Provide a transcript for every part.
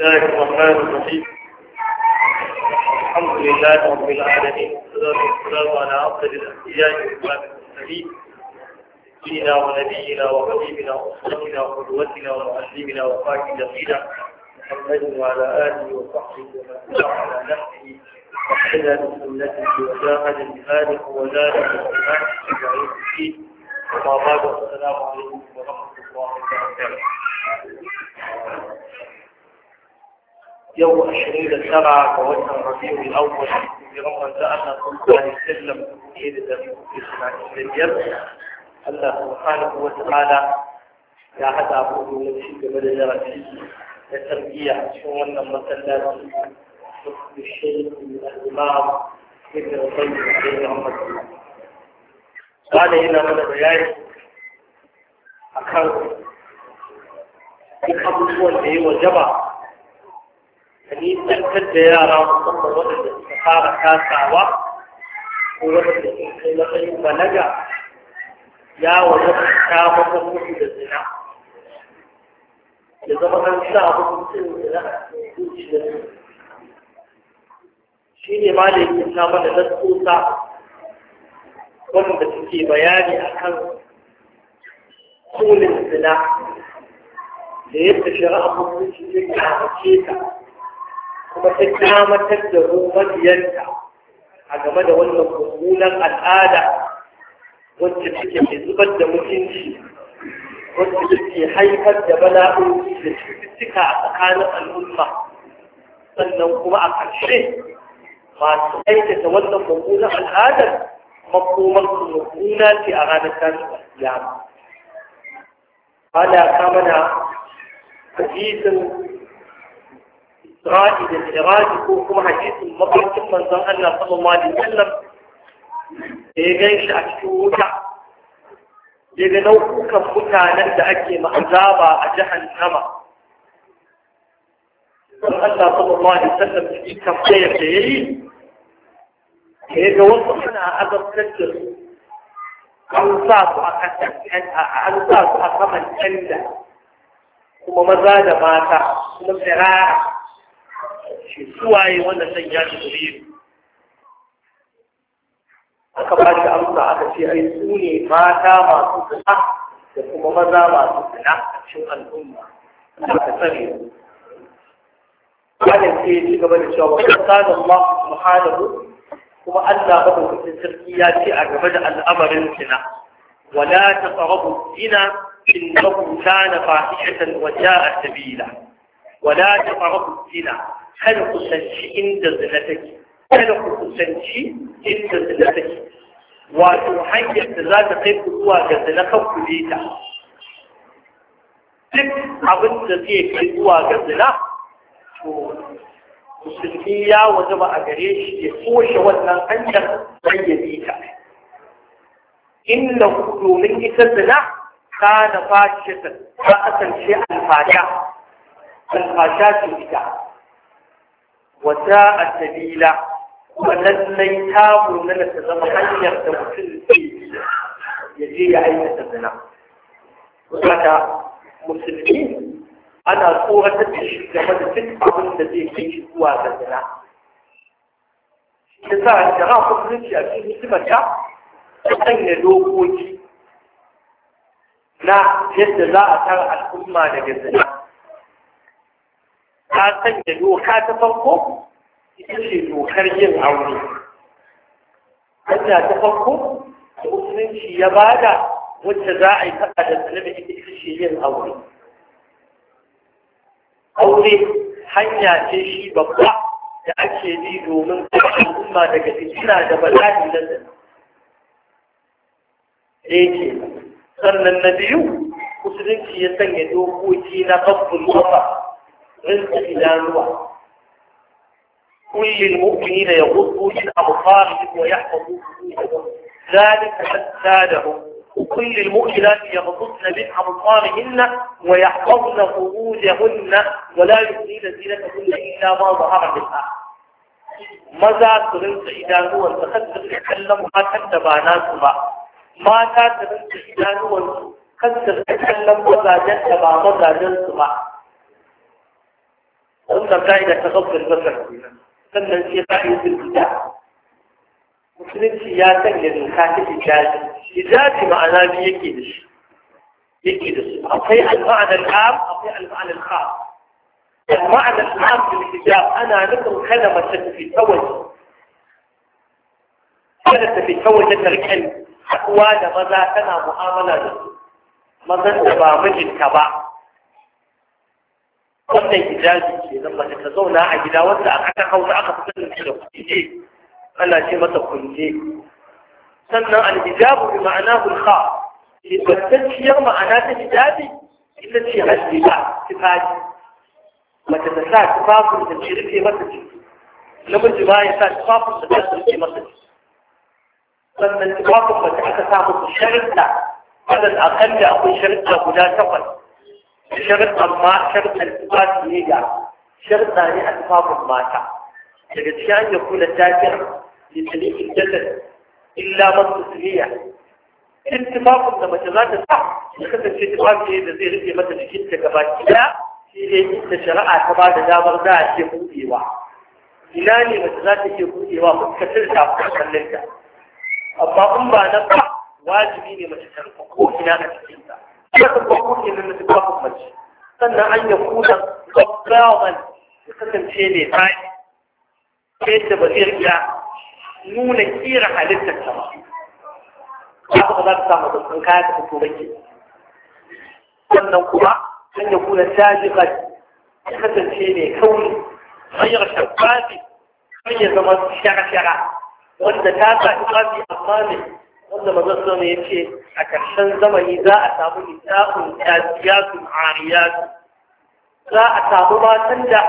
الله الرحمن الرحيم الحمد لله رب العالمين والصلاة والسلام على أفضل الأنبياء وإمام المرسلين سيدنا ونبينا وحبيبنا وأسرتنا وقدوتنا ومعلمنا وقائد دقيقة محمد وعلى آله وصحبه ومن على نفسه وحلى بسنته وجاهد بهذه وزاد بالإيمان في الدين وما بعد السلام عليكم ورحمة الله وبركاته يوم عشرين سبعة فوجه الربيع الأول في رمضان أن صلى الله عليه وسلم إذا في سماء الجبل الله سبحانه وتعالى يا حتى أقول من شيء قبل درجة التربية شو أن مثلا الشيخ من الإمام ابن القيم عليه رحمة قال هنا من البيان أكرم في قبل اللي هو جبل nisantar da yara musamman da suka fara kasawa ko da suka kai matsayin balaga ya wajaba ta maka mutu da zina ya zama an sa hukuncin zina a cikin zuciyar shi ne ma da yake ta mana lassosa waɗanda suke bayani akan sunin zina da yadda shari'a ne ya kamace ta kuma ta kyamatar da mu a game da wannan mummunan al'ada wacce take zubar da mutunci wacce take haifar da bala'o'i da cututtuka a tsakanin al'umma sannan kuma a ƙarshe masu aikata wannan mummunan al'adar makomar mummuna ce a ranar tashin alkiyama. Ana kamana hadisin رائد الإرادة كما حديث المطر كما نظر أن صلى الله عليه وسلم إيجيش أكتوك إيجنوك متى نتأكي معذابا أجهن كما أن صلى الله عليه وسلم في كفتية فيه إيجا وصفنا هذا الكتر عوصات أكتن عوصات أكتن عوصات أكتن عوصات أكتن عوصات أكتن عوصات shi suwaye wannan san ya jibrilu aka ba shi amsa aka ce ai su ne mata masu zina da kuma maza masu zina a cikin al'umma aka tsare Malam sai ya ci gaba da cewa wa kana Allah subhanahu kuma Allah madaukakin sarki ya ce a game da al'amarin zina wala taqrabu zina innahu kana fahishatan wa ja'a sabila wala ta faru zina kada ku sanci inda zina take kada ku kusanci inda zina take wato hanyar da za ta kai ku zuwa ga zina kan ku ta duk abin da zai kai zuwa ga zina to musulmi ya wajaba a gare shi ya toshe wannan hanyar bayyabi ta inda domin ita zina kana fashe ta kasance alfata الخاشات إذا وساء السبيل ونزلي تابوا لنا تزمحن يغدم كل سبيل يجي عين سبنا وكذا مسلمين أنا صورة تشكل لماذا تتبع من الذي في شكوى سبنا كذا الجراء قبلت يأتي مسلمك أين لوكوتي لا جزاء ترى الأمة لجزنا ta sanya doka ta farko ita ce dokar yin aure hanya ta farko da musulunci ya bada wacce za a yi faɗa da salama ita ita ce yin aure aure hanya ce shi babba da ake bi domin kashe umma daga fitina da bala'i da sannan na biyu musulunci ya sanya dokoki na babbul kafa عند إلان الوحد كل المؤمنين يغضوا من أبصارهم ويحفظوا ذلك حسادهم وكل المؤمنات يغضطن من أبصارهن ويحفظن فروجهن ولا يغضين زينتهن إلا ما ظهر منها ماذا تنسى إذا هو تتكلم تكلم حتى باناتها ما تنسى إذا هو تخذر تتكلم وزا جنسى ما وزا جنسى أنت قاعدة تغفر المسرح فيها فمن في رأيه في البداع مسلم سياسة للمكاتب الجاسم الجاسم معنى في يكيدش أطيع المعنى العام أطيع المعنى الخاص المعنى العام في الحجاب أنا نقل كلمة في الفوج كلمة في الفوج الكلب أقوال مذا كان معاملة مذا كبا مجد كبا قلنا إجازي لما تتزونا عجلا وزا أخذ خوز أخذ سنة الحجيب أنا جيمة الخنزيب سنة الإجاب بمعناه الخاص يتبتلشي معناه الإجازي إلا شيء عجلا سفاج ما إذا سفاف من الشريكي مدد لما جماعة يتساع سفاف من الشريكي مدد سنة الإجاب بمعناه الشريك لا هذا الأقل لأقل شريك لأقل شريك لأقل شرط ما شرط الاتفاق ليجا شرط ثاني أسباب الماتع لقد كان يكون التاجر لتليف الجلد إلا من تسلية انتفاق لما تزاد صح يخذ الانتفاق في زي في مدى جدا كباك لا في إنت شرعة تبعد دامر دا شيء إيوا الاني لي مثلا شيء إيوا متكسر شعب خلنك أما أم بعد واجبيني ما تشرفه هو هناك يقول وقول إن الإطلاق مجي سنة أن يكون ضباضا يقسم شيء ليتاي كيف بصير إلى nuna kira halittar ta ba za ku za ta samu dukkan kaya ta fito baki sannan kuma an ya kuna sajika ya kasance ne kauri hanyar shafafi hanyar zama shara-shara wanda ta sa ikafi amma ne wanda mazan ne ya ce a ƙarshen zamani za a samu nisa'un tasiyatun ariyatu za a samu matan da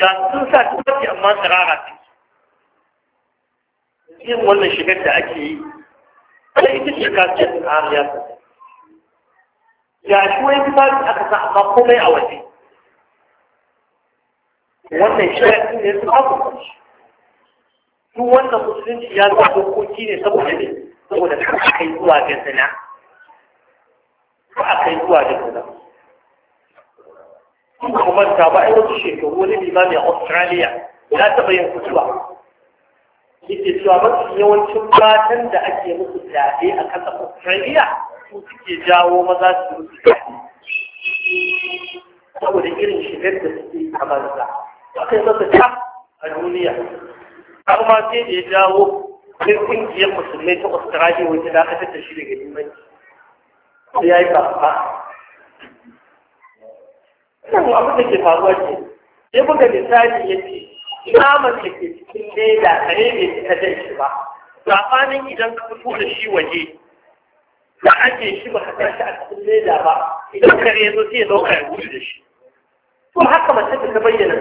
ga sun sa tufafi amma tsirara ce yin wannan shigar da ake yi wanda ita ce kasiyatun ariyatu ya shi wani tufafi aka sa amma komai a waje wannan shigar ne su haku duk wannan musulunci ya zama dokoki ne saboda ne saboda kar a kai zuwa ga zina ba a kai zuwa ga zina in ba manta ba ai wasu shekaru wani limami a Australia ya taɓa yin kutuwa yake cewa mafi yawancin matan da ake musu fyaɗe a ƙasar Australia su suke jawo maza su musu fyaɗe saboda irin shigar da suke a banza akai masa ta a duniya har ma sai da ya jawo sai kungiyar musulmai ta australia wanda dakatar da shi daga limanci sai ya yi babba kan abin da ke faruwa ce sai buga misali ya ce naman da ke cikin leda kare ne ta jan shi ba safanin idan ka fito da shi waje da ake shi ba ka tashi a cikin leda ba idan kare ya zo sai ya dauka ya gudu da shi to haka mace ta bayyana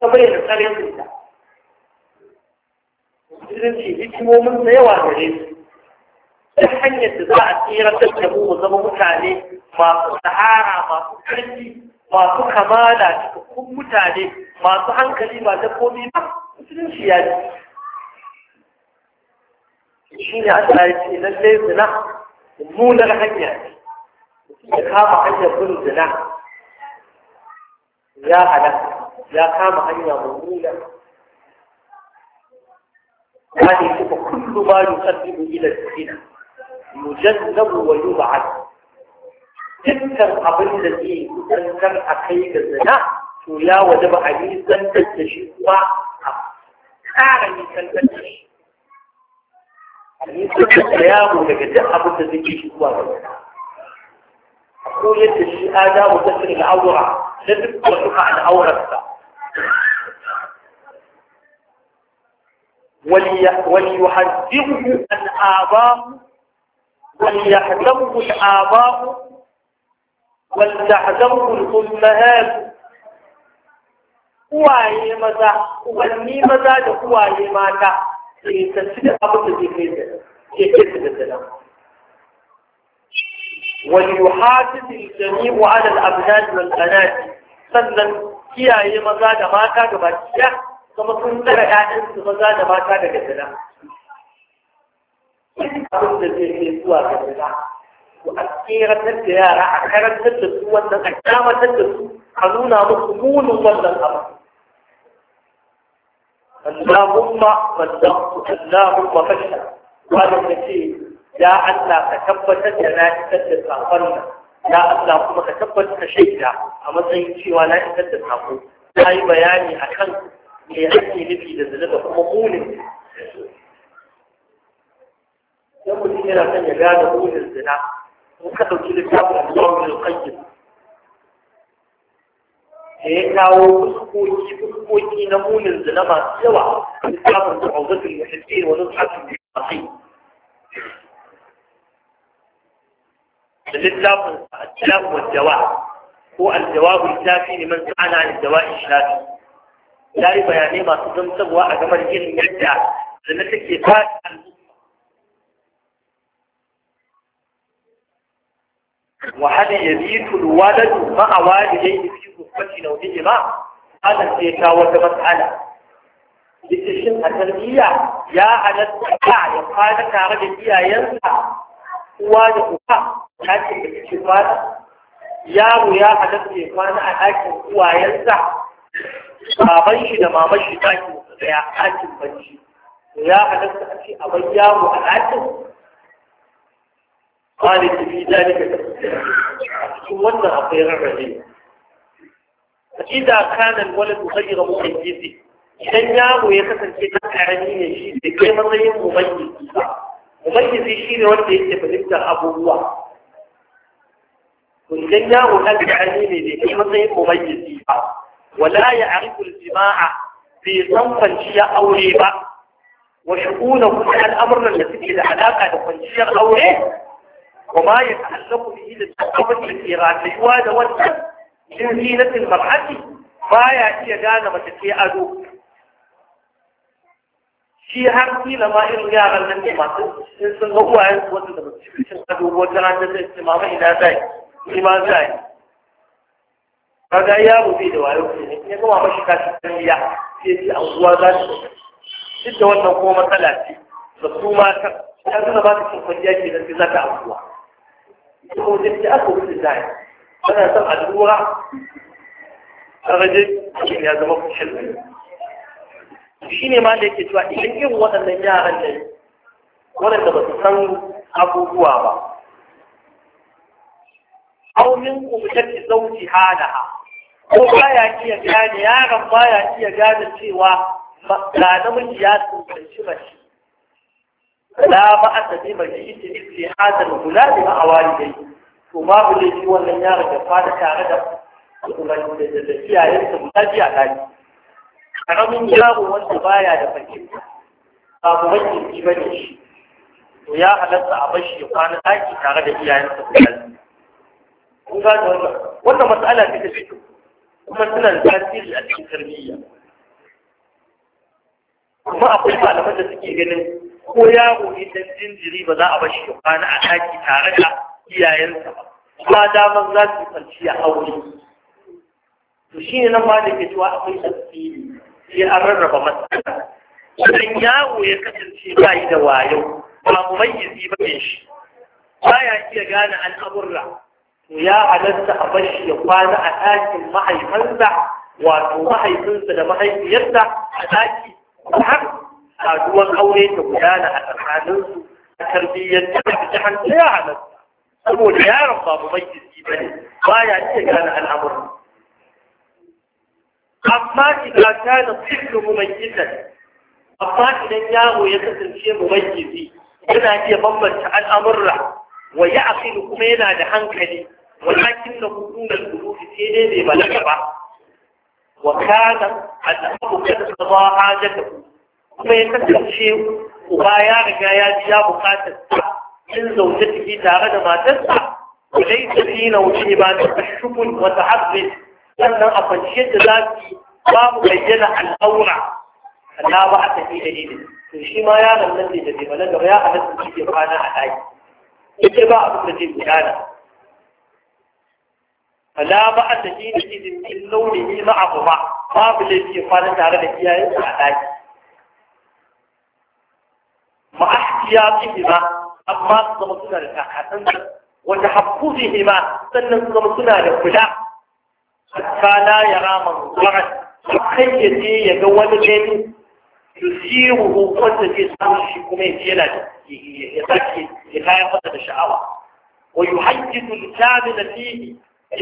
ta bayyana kare ta musulunci hikimomin da yawa gare su ta hanyar da za a tsira da mu mu zama mutane masu sahara masu ƙarfi masu kamala cikakkun mutane masu hankali ba komi ba musulunci ya ce shi ne an ya ce zai zina mummunar hanya ce ya kama hanyar bin zina ya halatta ya kama hanya mummuna يعني كل ما يقدم إلى الزنا يجنب ويبعد تلك قبل الذي تنكر أخيك الزنا ويا وجب عليه أن تتشيء أعلم أن تتشيء يعني تتشيء لك تأخذ تتشيء أقول يتشيء هذا وتسر العورة لذلك تحق عن عورتك وليحذره الآباء وليحذره الآباء ولتحذره الأمهات وعي مدى وعي مدى وعي مدى في تسجد أبدا في مدى في كتب الدلام وليحاسب الجميع على الأبناء والبنات سنة كي عي مدى ما كان بكيه kuma sun tsara ƴaƴan su maza da mata daga zina abin da zai kai zuwa ga zina ku a tseratar da yara a karantar da su wannan a kyamatar da su a nuna musu munin wannan abu اللهم بدأت اللهم فشل قال النبي يا الله تكبت جنائك تتعفرنا يا الله كما تكبت كشيدا أما سيكي ولا يتتعفر لا يبياني أكنت ليعني نبي زلزلته ثم قول يقول لنا كان يجعل قول الزنا وكتب كل كتاب الله من القيد هيك او كوي كوي نمون الزنا ما سوى كتاب عوضة المحبين ونضحك المحبين الإسلام الجواب هو الجواب الكافي لمن سعنا عن الدواء الشافي ya yi bayanai masu gamsarwa a gamar yin yadda da na take ta wahala ya biyu tuluwa da dubba a wani da yi fi gufati na wani jima ta da ce ta wata matsala likishin a tarbiyya ya halatta ta ya kwana tare da iyayensa kuwa da kuka, ta ce da cikin kwana yaro ya halatta ya kwana a ɗakin kuwayensa. baban shi da maman shi ke tsaya a ɗakin bacci ya halatta a ce a bar yaro a ɗakin قالت A cikin wannan akwai rarrabe wani kana ga mutum mumayyiz idan yaro ya kasance ta karami ne shi da kai matsayin mumayyiz zai shi ne wanda yake fahimtar abubuwa to idan yaro dan karami ne da kai matsayin mumayyiz ba ولا يعرف الجماعة في صنف الشيء أو ريبا وشؤونه من الأمر الذي إذا علاقة أو ريبا وما يتعلق به للتقوى الإيران لجواد والسن من زينة المرأة ما يأتي جانا تكي أدو شيء har kila ma irin yaran nan ne masu sun ga uwayen su wanda da mutum sun ado wata kaga ya rufe da wayo ne in ya gama mashi kashi kan ya sai an anguwa za su duk da wannan kuma matsala ce da su mata ya zuna ba ta cin kwanciya ke nan sai za ta anguwa ita kuma zai ce aka wuce zai ana son allura a raje shi ya zama kushin shi ne ma da yake cewa idan irin waɗannan yaran ne waɗanda ba su san abubuwa ba aumin kumtar ki zauci ha. ko baya iya gane yaron baya iya gane cewa ga namiji ya tsinci mace la ba a tafi mace ita ce hadar kula da ma'awali dai to ne laifi wannan yaron da fada tare da umarni da iyayensa guda biya gani karamin yaro wanda baya da fahimta babu wakilci ba ne shi to ya halatta a bashi ya kwana daki tare da iyayen iyayensa guda biyu kun gane wannan wannan matsala ce ta fito kuma suna tasiri a cikin tarbiyya kuma akwai malaman da suke ganin ko yaro ne dan jinjiri ba za a bar shi kwana a daki tare da iyayensa ba kuma daman za su kwanci a aure to shi ne nan ma da ke cewa akwai tasiri sai an rarraba matsala idan yaro ya kasance ba yi da wayo ba mu ba ne shi Ba ya iya gane al'amurra to ya halatta a bashi ya kwana a ɗakin mahaifansa wato mahaifinsa da mahaifiyarsa a ɗaki har saduwar aure ta gudana a tsakaninsu a tarbiyyar ta ta hanta ya halatta saboda yaron babu mai jiki ba ne ba ya iya gane al'amuran amma idan ta da fito mu mai amma idan yaro ya kasance mu mai jiki yana iya bambanta al'amurra wa ya'qilu kuma yana da hankali walakin da hukumar gudufi sai dai bai balaga ba wa kana al'abu kada ta ba hajata kuma ya kasance uba ya riga ya ji ya bukatar in zaune ciki tare da matarsa وليس في نوته ما تشب وتعبد sannan a kwanciyar da za su babu bayyana al'aura Allah ba a tafi da ne to shi ma yaron nan ne da bai balaga ba ya halatta shi ke kwana a ɗaki ita ba abin da zai فلا بأس حين إذن من لونه معهما ما بالذي فعل تعالى فيها إسعادات مع احتياطهما أما تضمتنا لفاحة وتحفظهما سنة تضمتنا لكلا حتى لا يرى منظرا وخيتي يقول الجن yusiruhu wanda kuma ya yana ya sake ya kayan masa da sha'awa wa yuhajjidu al-kamila fihi ya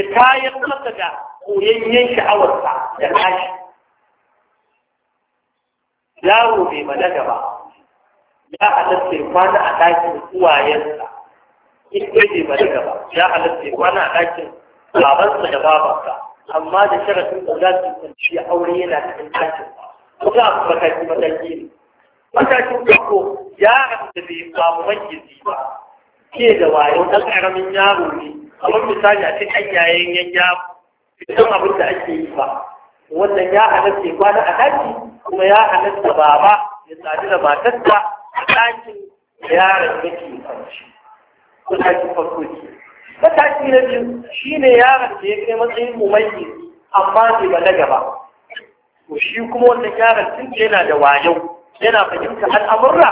da koyayyen da yaro bai ba ya kwana a ɗakin uwayensa in kai bai ba ya ya kwana a ɗakin babansa da babansa amma da sharafin da za su aure yana cikin ɗakin kuma mataki mataki ne matakin farko ya da bai samu magizi ba ke da wayo ɗan ƙaramin yaro ne kamar misali a cikin yayin yan yaro idan abin da ake yi ba wannan ya halatta ya kwana a daji kuma ya halatta baba ya sadu da matarsa a ɗakin yaron da ke kwanci matakin farko ne. mataki na biyu shi ne yaron da ya kai matsayin mumayyiz amma bai balaga ba to shi kuma wannan yaron tun da yana da wayo yana fahimta al'amurra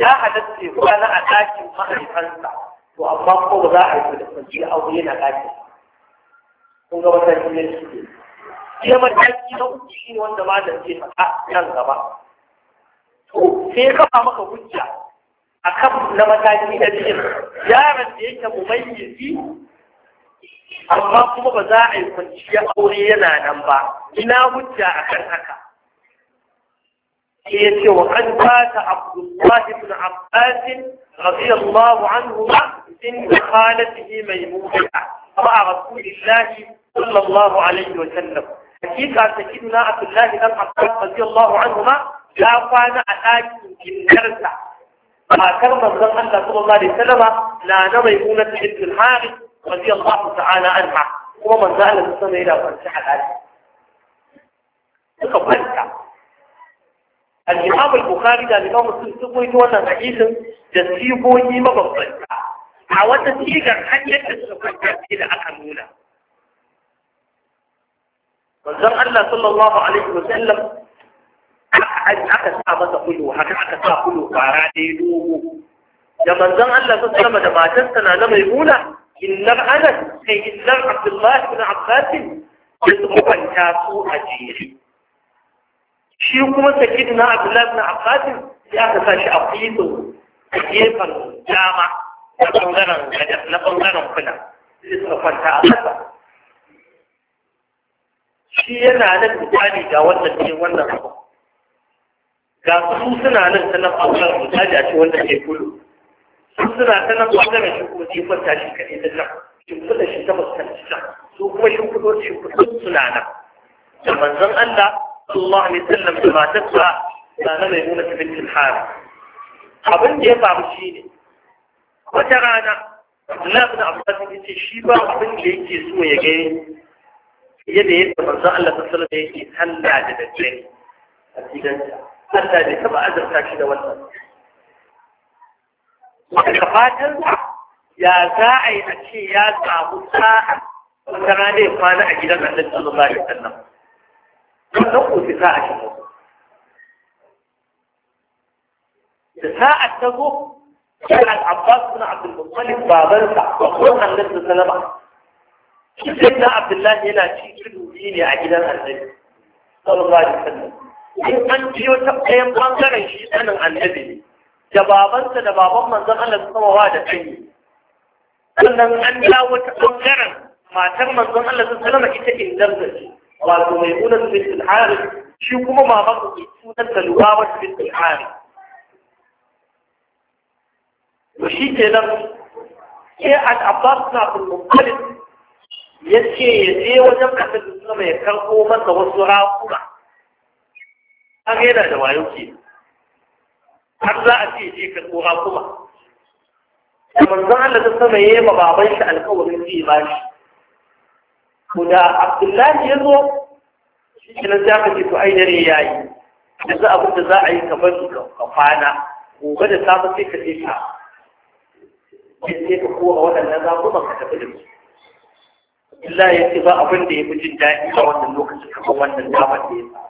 ya halatta ya kwana a ɗakin mahaifansa to amma ko ba za a yi da kwanci aure na ɗakin kun ga wata hanyar shi ne sai mataki na uku shi ne wanda malam zai faɗa nan gaba to sai ya kafa maka hujja a kan na mataki na biyu yaron da yake mumayyizi amma kuma ba za a yi kwanciyar aure yana nan ba ina hujja a kan haka sai ya ce wa an fata abdullahi ibn abbas radiyallahu anhu ma in khalatihi maimuna ma rasulillahi sallallahu alaihi wa sallam hakika sakiduna abdullahi ibn abbas radiyallahu anhu ma ya kwana a ɗakin jinnarsa matar manzon Allah sallallahu alaihi wa sallama na na maimuna ibn harith رضي الله تعالى عنها ومن زال السنة إلى فرشح العالم تقبلت الإمام البخاري قال الإمام السلسل يتوانا حديثا جسيبوي ما بطلت حاولت تيجر حاجة تسيبه إلى أكمولا وزر الله صلى الله عليه وسلم aka sa masa حكى haka aka sa kulu fara dai زر الله صلى الله عليه وسلم matarsa na na maimuna illar anas kai illar abdullahi na abbasin da tsubanta su a jere shi kuma sakidu na abdullahi na abbasin ya ka sa shi a fito a gefen dama na ɓangaren gajar na ɓangaren kuna sai suka kwanta a ƙasa shi yana nan misali ga wannan ne wannan abu ga su suna nan a ɓangaren misali a ce wanda ke kulu sun suna ta nan ɓangaren shi kuma sai kwanta shi kaɗai ta nan shimfiɗa shi ta fuskanci can su kuma shimfiɗo shimfiɗin suna nan da manzon Allah sallallahu alaihi wasallam da matarsa da na mai nuna tabbatin hara abin da ya faru shi ne wata rana Allah ibn Abbas ya ce shi ba abin da yake so ya ga yadda ya yadda manzon Allah sallallahu alaihi wasallam yake sallah da daddare a gidansa Allah bai taɓa azurta shi da wannan daga fatansa ya za a yi a ce ya samu sa'a wata rana ya kwana a gidan annabi sallallahu alaihi wasallam wannan ko sai sa'a shi da sa'a ta zo sai al-Abbas bin Abdul Muttalib babansa babban annabi sallallahu alaihi wasallam sai na Abdullahi yana cikin dubi ne a gidan annabi sallallahu alaihi wasallam in an biyo wata ɗayan ɓangaren shi sanin annabi ne da babansa da baban manzan Allah su sama wa da kai sannan an ja wata ɓangaren matar manzan Allah su sallama ita indar da shi wato mai unan bin al-harith shi kuma maman ke sunan da lubawa bin al-harith to shi kenan sai al-abbas na al-muttalib ya ce ya je wajen kasar da ya karɓo masa wasu rakuma an yana da wayo kenan har za a ce shi ka tsora kuma da manzo Allah ta sama yayi ma baban shi alƙawarin zai ba shi ko da Abdullahi ya zo shi ne sai aka ce to ai dare yayi yanzu abin da za a yi kamar ka kwana gobe da safe sai ka je ka sai ka kora waɗannan zaɓuɓɓan ka tafi da su Allah ya ce ba abin da ya fi jin daɗi a wannan lokacin kamar wannan damar da ya samu.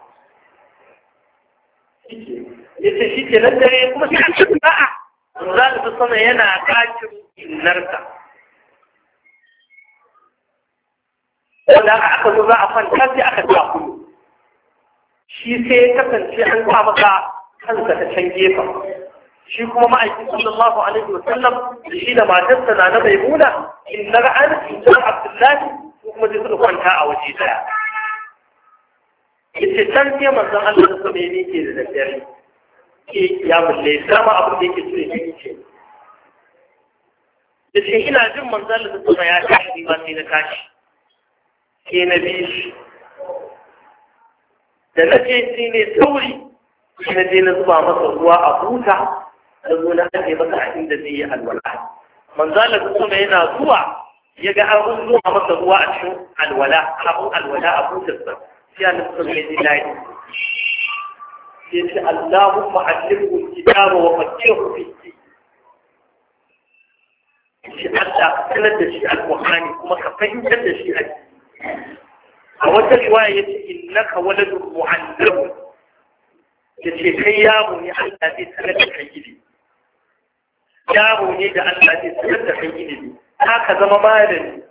ya ce shi ke nan dare kuma sai an ci a'a zalibin sama yana ɗakin innarsa wanda aka aka zo za a kwanta sai aka sa kulu shi sai ya kasance an sa maka kansa ta can gefen shi kuma ma'aikin sallallahu alaihi wa sallam da shi da matarsa na na maimuna in na ra'an in na abdullahi ko kuma zai suka kwanta a waje daya yace can sai manzon Allah da sama ya ke da daddare ke ya mulle dama abin da yake so ya ce da shi ina jin manzalin da kuma ya tashi ni ma sai na tashi na bi shi da na ce sai ne sauri shi na je na zuba masa ruwa a huta da zo na ake masa inda zai yi alwala manzalin da kuma yana zuwa ya ga an zuwa masa ruwa a cikin alwala abun alwala a hutarsa sai a nufin mai zai يقول اللهم علمه الكتاب وفكره في الدين shi Allah sanar da shi alƙur'ani kuma ka fahimtar da shi aiki a wata riwaya yace innaka waladun mu'allam yace kai yaro ne Allah zai sanar da kai ilimi yaro ne da Allah zai sanar da kai ilimi haka zama malami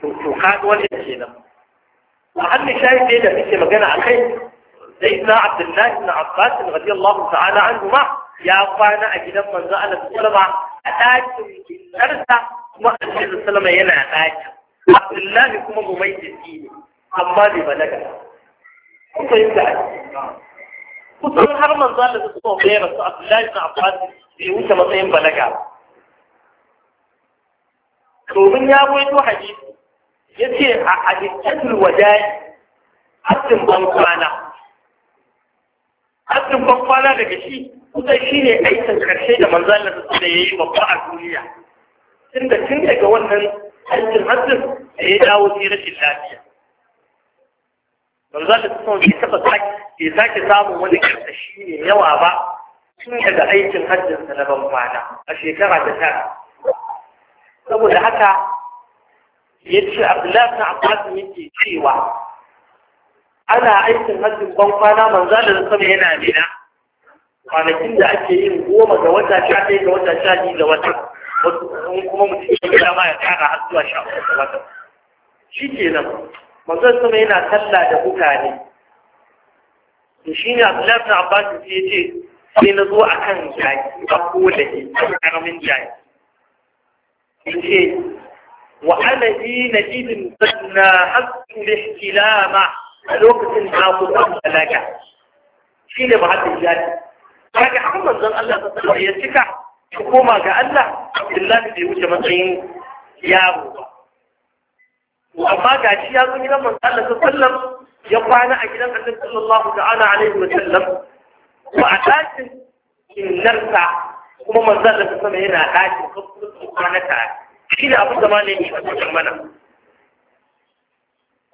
to to ka ga wannan kenan وعن شاهد ايه ده في مجانا عليه سيدنا عبد الله بن عباس رضي الله تعالى عنهما يا اخوانا اجد من زعل السلمة اتاك الارسة ما النبي السلمة ينا اتاك عبد الله كما مميز فيه amma bai balaga kun fahimta a kusan har manzo Allah da بس عبد الله بن عباس Abbas bai wuce matsayin balaga domin ya goyi ya ce a hadittatul wada'i haddin ban kwana haddin ban kwana daga shi kusan shi ne aikin karshe da manzan da da ya yi babba a duniya tun da tun daga wannan aikin haddin da ya dawo sai rashin lafiya manzan da sun bai taɓa bai sake samun wani karsashi ne yawa ba tun daga aikin haddinsa na ban a shekara ta tara saboda haka yace Abdullah ibn abbasu yake cewa ana aikin hajjin ban kwana da da sama yana mina kwanakin da ake yin goma ga wata sha ɗaya ga wata sha biyu ga wata wasu kuma mutum ya gida ma ya kara har zuwa sha uku ga wata shi ke nan da sami yana talla da mutane to shi ne abdullahi ibn Abbas ya ce sai na zo a kan jaki a kowane karamin jaki. ce. وأنا دين إذن قد ناهزت الاحتلام لوقت عاطفة فلاجة شيل بعد الجاد فلاجة حمد ذن الله تطلع يتكع حكومة قال كألا بالله بدي وجه مطعين يا أبو وأما قاعد يا أبو لما قال له تسلم يقعنا أجل النبي صلى الله تعالى عليه وسلم وأساس إن نرفع وما من ذلك سمعنا أساس وقصة وقعنا تعالى shi ne abin da a cikin mana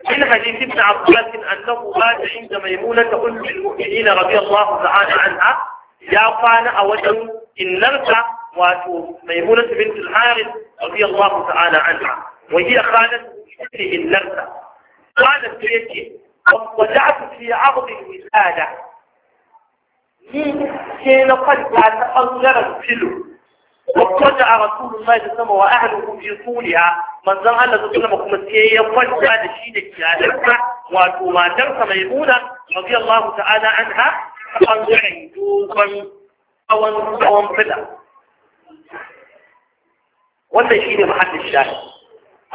من حديث ابن عباس أنه مات عند ميمونة أم المؤمنين رضي الله تعالى عنها يا قال أوجه إن نرجع واتو ميمونة بنت الحارث رضي الله تعالى عنها وهي خالت ان النرجع قالت بيتي وضعت في عرض الوسادة ni كان قد kwanta ta وفجع رسول الله صلى الله عليه وسلم وأهله في طولها من ذا الله صلى الله عليه وسلم مسيئة فجع لشيد الجالسة وما درس ميمونة رضي الله تعالى عنها فقال عيدوبا أو انفلا وانا شيد محل الشاهد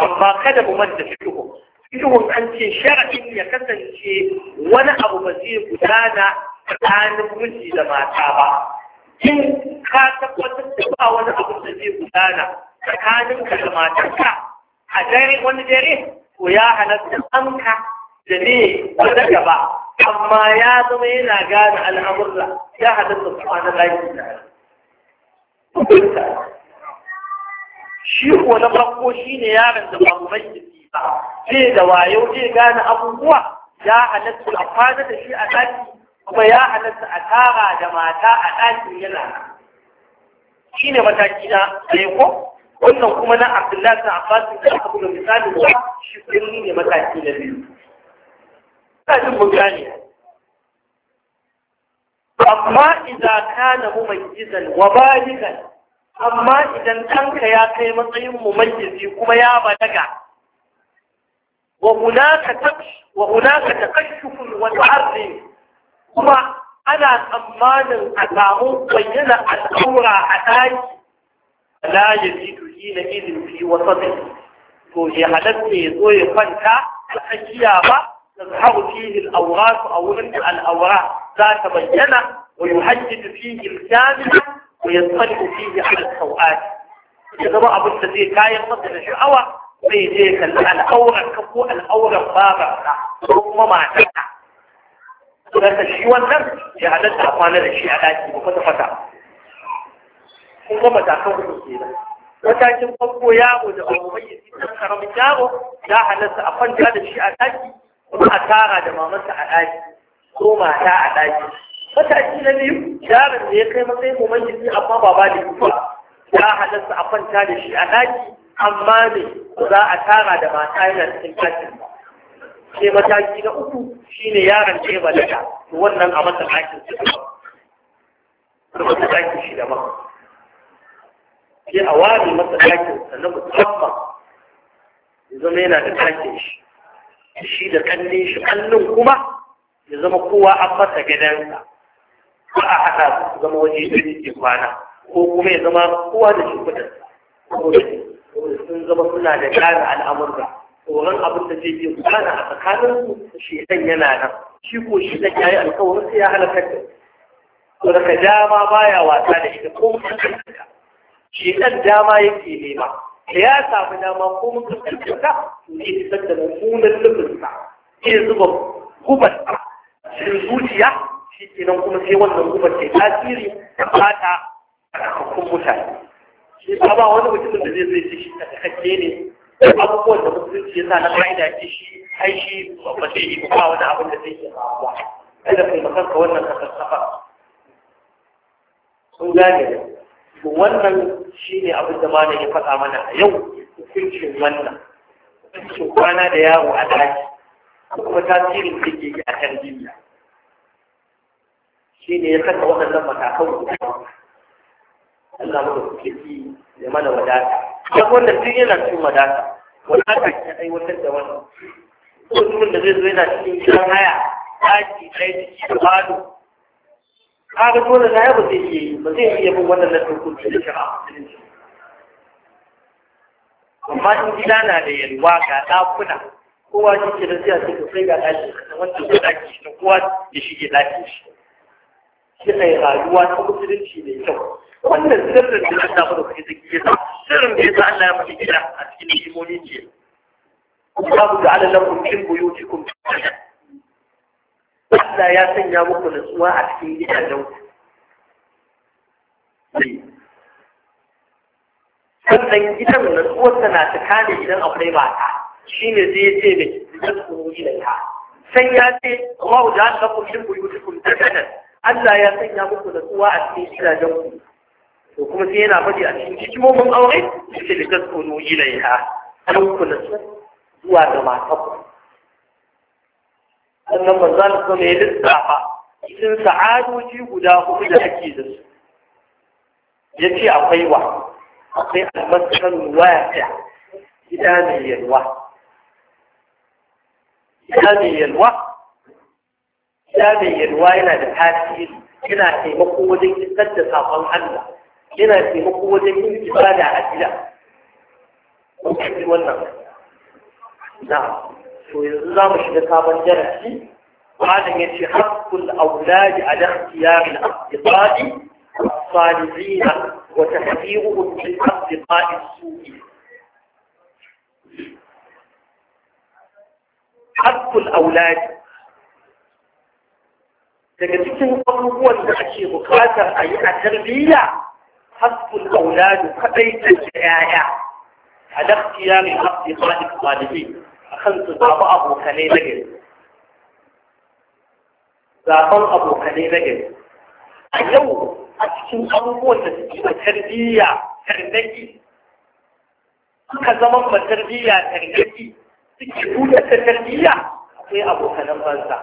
أما كان ممدد فيهم فيهم أن تنشأ إن يكسن شيء وانا أبو مزير بلانا فتعان مزيد ما تابع in ka tabbatar da ba wani abu da zai gudana tsakaninka da matarka a dare wani dare ko ya halatta ɗanka da ne ba da gaba amma ya zama yana gane al'amurra ya halatta su ana lafi da shi ko na farko shi ne yaron da ba mai jiki ba zai da wayo zai gane abubuwa ya halatta a kwana da shi a ɗaki kuma ya halatta a tara da mata a ɗakin yana shi ne mataki na ɗaya ko wannan kuma na abdullahi na abbasin da aka buga misali ba shi kuma ne mataki na biyu ina jin mu amma idan kana izan wa baligan amma idan ɗanka ya kai matsayin mu mumayyizi kuma ya balaga ka تكشف shukun تكشف وتعري kuma ana tsammanin a samu bayyana al'aura a ɗaki la ya fi tuki na izin fi wasa to ya halatta ya zo ya kwanta a tsakiya ba تظهر فيه الأوراق أو أن الأوراق ذات بينة ويهدد فيه الكاملة وينطلق فيه على السوءات إذا ما أبو الذي كان يقصد الشعوى بيديك الأورق كفو الأورق بابا ثم ما تكع Saka shi wannan ya halatta a kwana da shi a ɗaki ba kwata-kwata. Kun ga matakan uku kenan. Matakin farko yaro da abu mai yi ɗan karamin yaro ya halatta a kwanta da shi a ɗaki kuma a tara da mamansa a ɗaki ko mata a ɗaki. Mataki na biyu yaron da ya kai matsayin mu mai amma ba ba da ba. Ya halatta a kwanta da shi a ɗaki amma ne za a tara da mata yana cikin ɗakin ba. sai mataki na uku shine yaron ce ba daga wannan a masa ɗakin su da masa ɗakin shi da ma sai a ware masa ɗakin sa na musamman ya zama yana da ɗakin shi shi da kallon shi kallon kuma ya zama kowa an masa gidansa ba a haɗa su zama waje da yake kwana ko kuma ya zama kowa da shi kudin saboda sun zama suna da ƙara al'amurra tsoron abin da zai iya gudana a tsakanin shi dan yana nan shi ko shi dan yayi alƙawarin sai ya halaka da to daga dama baya wasa da ita ko shi dan dama yake nema da ya samu dama ko mutum ka zai fitar da mummunan lukunsa zai zuba gubarsa cikin zuciya shi kenan kuma sai wannan gubar ke tasiri da fata a kakakun mutane shi ba wani mutumin da zai zai shi a ne abubuwan da musulunci ya sa na ƙa'ida ce shi ai shi ba ce yi ba wani abin da zai yi ba kada kai ba kanka wannan kasafa sun gane to wannan shine abin da malam ya faɗa mana a yau hukuncin wannan hukuncin kwana da yawo a daji kuma tasirin da ke yi a tarbiyya ne ya saka waɗannan matakan guda Allah mu da kuke yi ya mana wadata kan wannan tun yana cikin wadata wadata ke aiwatar da wannan ko mutumin da zai zo yana cikin gidan haya ɗaki ɗaya ciki da falo. kaga dole na yaba zai iya yi. ba zai iya bin wannan na dokoki da shara amma in gida na da yalwa ga ɗakuna kowa shi ke da siya suka sai ga ɗaki da wanda ya ɗaki shi kowa ya shige ɗaki shi shi ne rayuwa ta musulunci mai kyau wannan sirrin da Allah mu kai zaki ya sirrin da yasa Allah ya faɗi gida a cikin hikimomi ce Allahu ta'ala lakum min buyutikum Allah ya sanya muku nutsuwa a cikin gidajen ku sannan gidan nutsuwar tana cika ne idan akwai mata shine zai ce mai zai kuma gidanka sai ya ce Allahu ta'ala lakum min buyutikum Allah ya sanya muku nutsuwa a cikin gidajen ku to kuma sai yana faɗi a cikin hikimomin aure sai da taskono ilaiha an kula zuwa ga matar sannan manzan su mai lissafa cikin sa'adoji guda hudu da ake da su ya ce akwai wa akwai almaskan waya gida mai yalwa gida mai yalwa gida mai yalwa yana da tasiri yana taimako wajen kisar da sakon Allah yana taimako wajen yin ibada a gida kun kaji wannan na to yanzu za mu shiga sabon darasi malam ya ce haƙƙul auladi ala ikhtiyar al-asdiqai الصالحين وتحذيرهم من أصدقاء السوء حق الأولاد daga cikin abubuwan da ake bukatar a yi a tarbiyya حق الأولاد فقيت الشعاية حدقت يا من حق طالب طالبي أخلت بابا أبو خليل أجل بابا أبو خليل أجل أيو أتكن أمو تسجيب تربية تربية كزمان ما تربية تربية تكتبون تربية أخي أبو خليل أجل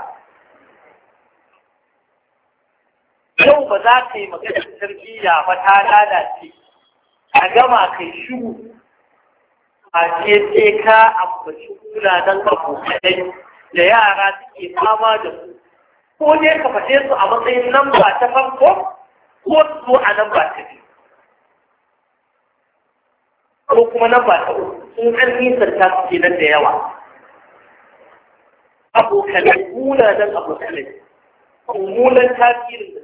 yau ba za ka yi maganar ya ba ta lalace a gama kai shiru a ce sai ka ambaci don abokanai da yara suke fama da su ko ne ka fashe su a matsayin nan ba ta farko ko su a nan ba ta ko kuma nan ba ta sun kan sarta ta ke nan da yawa abokanai don abokanai mummunan tasirin da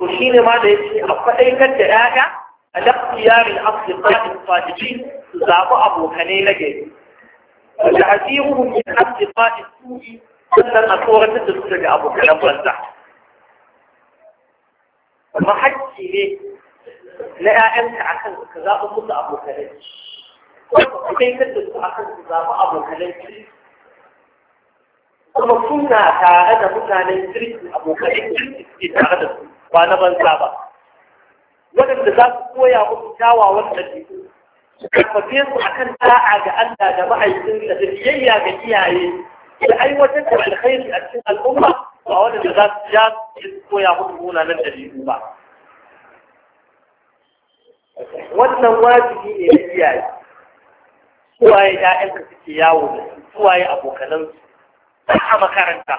to shi ne ma da yake a kwaɗaikar da ‘ya'ya a lafiyarin asibatin fadiki su zaɓi abokanai na gari. Wanda asiruhun min asibatin su'i sannan a tsoratar da su daga abokanan banza. Kuma hakki ne na ‘ya'yanka a kan ka zaɓi musu abokanai. Kwaɗaikar da su a kan su zaɓi abokanai kuma suna tare da mutanen kirki abokanin kirki suke tare da su. ba na banza ba waɗanda za su koya musu kyawawan ɗabi'u su karfafe su akan ta'a ga Allah da ma'aikinsa da biyayya ga iyaye da aiwatar da alkhairi a cikin al'umma ba waɗanda za su ja su koya musu munanan ɗabi'u ba wannan wajibi ne na iyaye suwaye ‘ya'yanka suke yawo da su suwaye abokanansu a makaranta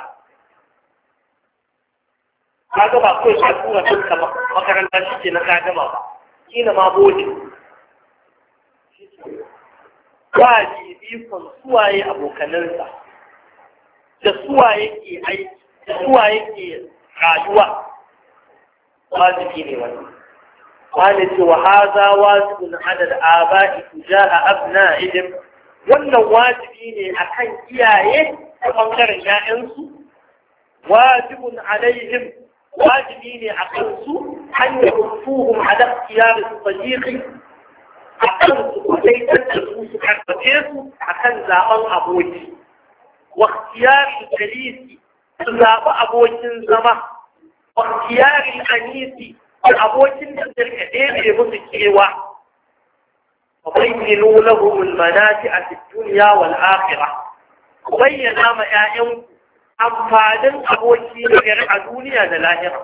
ka gaba kawai ka tura ɗanka makaranta shi ke na ka gama ba ne ma bode ba ji ikon suwaye abokanansa da suwaye ke aiki da suwaye ke rayuwa ke ne wani wani ce wa haza wajibin adad aba'i a abna idin wannan wajibi ne akan iyaye ta bangaren 'ya'yansu wajibun alaihim واجبيني عقلت أن يرفوهم على اختيار الطريق عقلت وليس تنفوس حرفتين عقل لا أبوي واختيار الجليس لا أبوي زمى واختيار الأنيس أبوي تنزل كثير لمسكيوة وبينوا لهم المنافع في الدنيا والآخرة وبينا ما يأمك amfanin aboki na gari a duniya da lahira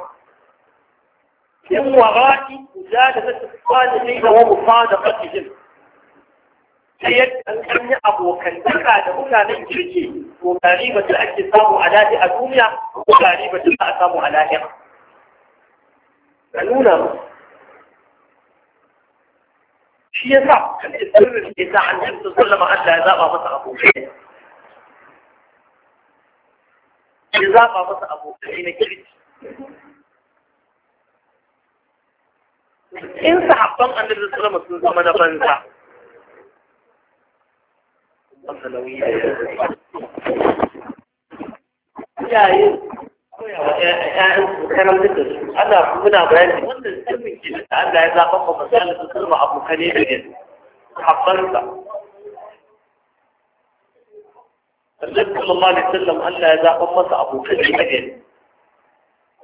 in wara'i za da zata fada ne da wani fada fatihim ta yadda an yi abokan daga da mutanen kirki ko gari ba ta ake samu a lahi a duniya ko gari ba ta samu a lahira ka nuna mu shi ya sa kan isirin da ya sa an yi sallama Allah ya zaba masa abokai ya zaɓa masa abokai na kirki in sahabban annabi sallallahu sun zama na banza iyaye karantar da su ana muna bayani wannan sirrin ke da Allah ya zaɓa masu misali su zama da yanzu النبي صلى الله عليه وسلم قال إذا أمس أبو كذي مجل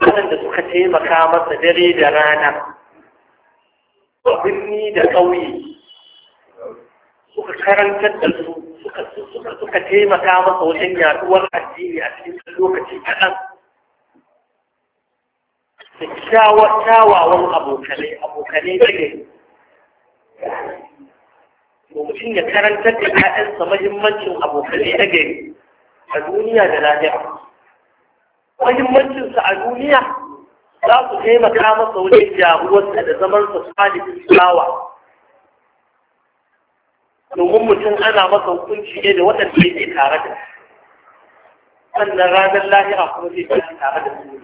قال أنت سكتين مكامت دري درانا وبني دقوي سكتين كدلسو سكتين مكامت وجنيا تور أجيني أسين سلوك تيبان شاوة شاوة أبو كذي أبو كذي مجل mutum ya karantar da ƴaƴansa mahimmancin abokanai na gari a duniya da lahira mahimmancinsa a duniya za su taimaka masa wajen jaruwarsa da zamansa salihin fulawa. domin mutum ana masa hukunci ne da waɗanda yake tare da sannan ranar lahira kuma zai tashi tare da su ne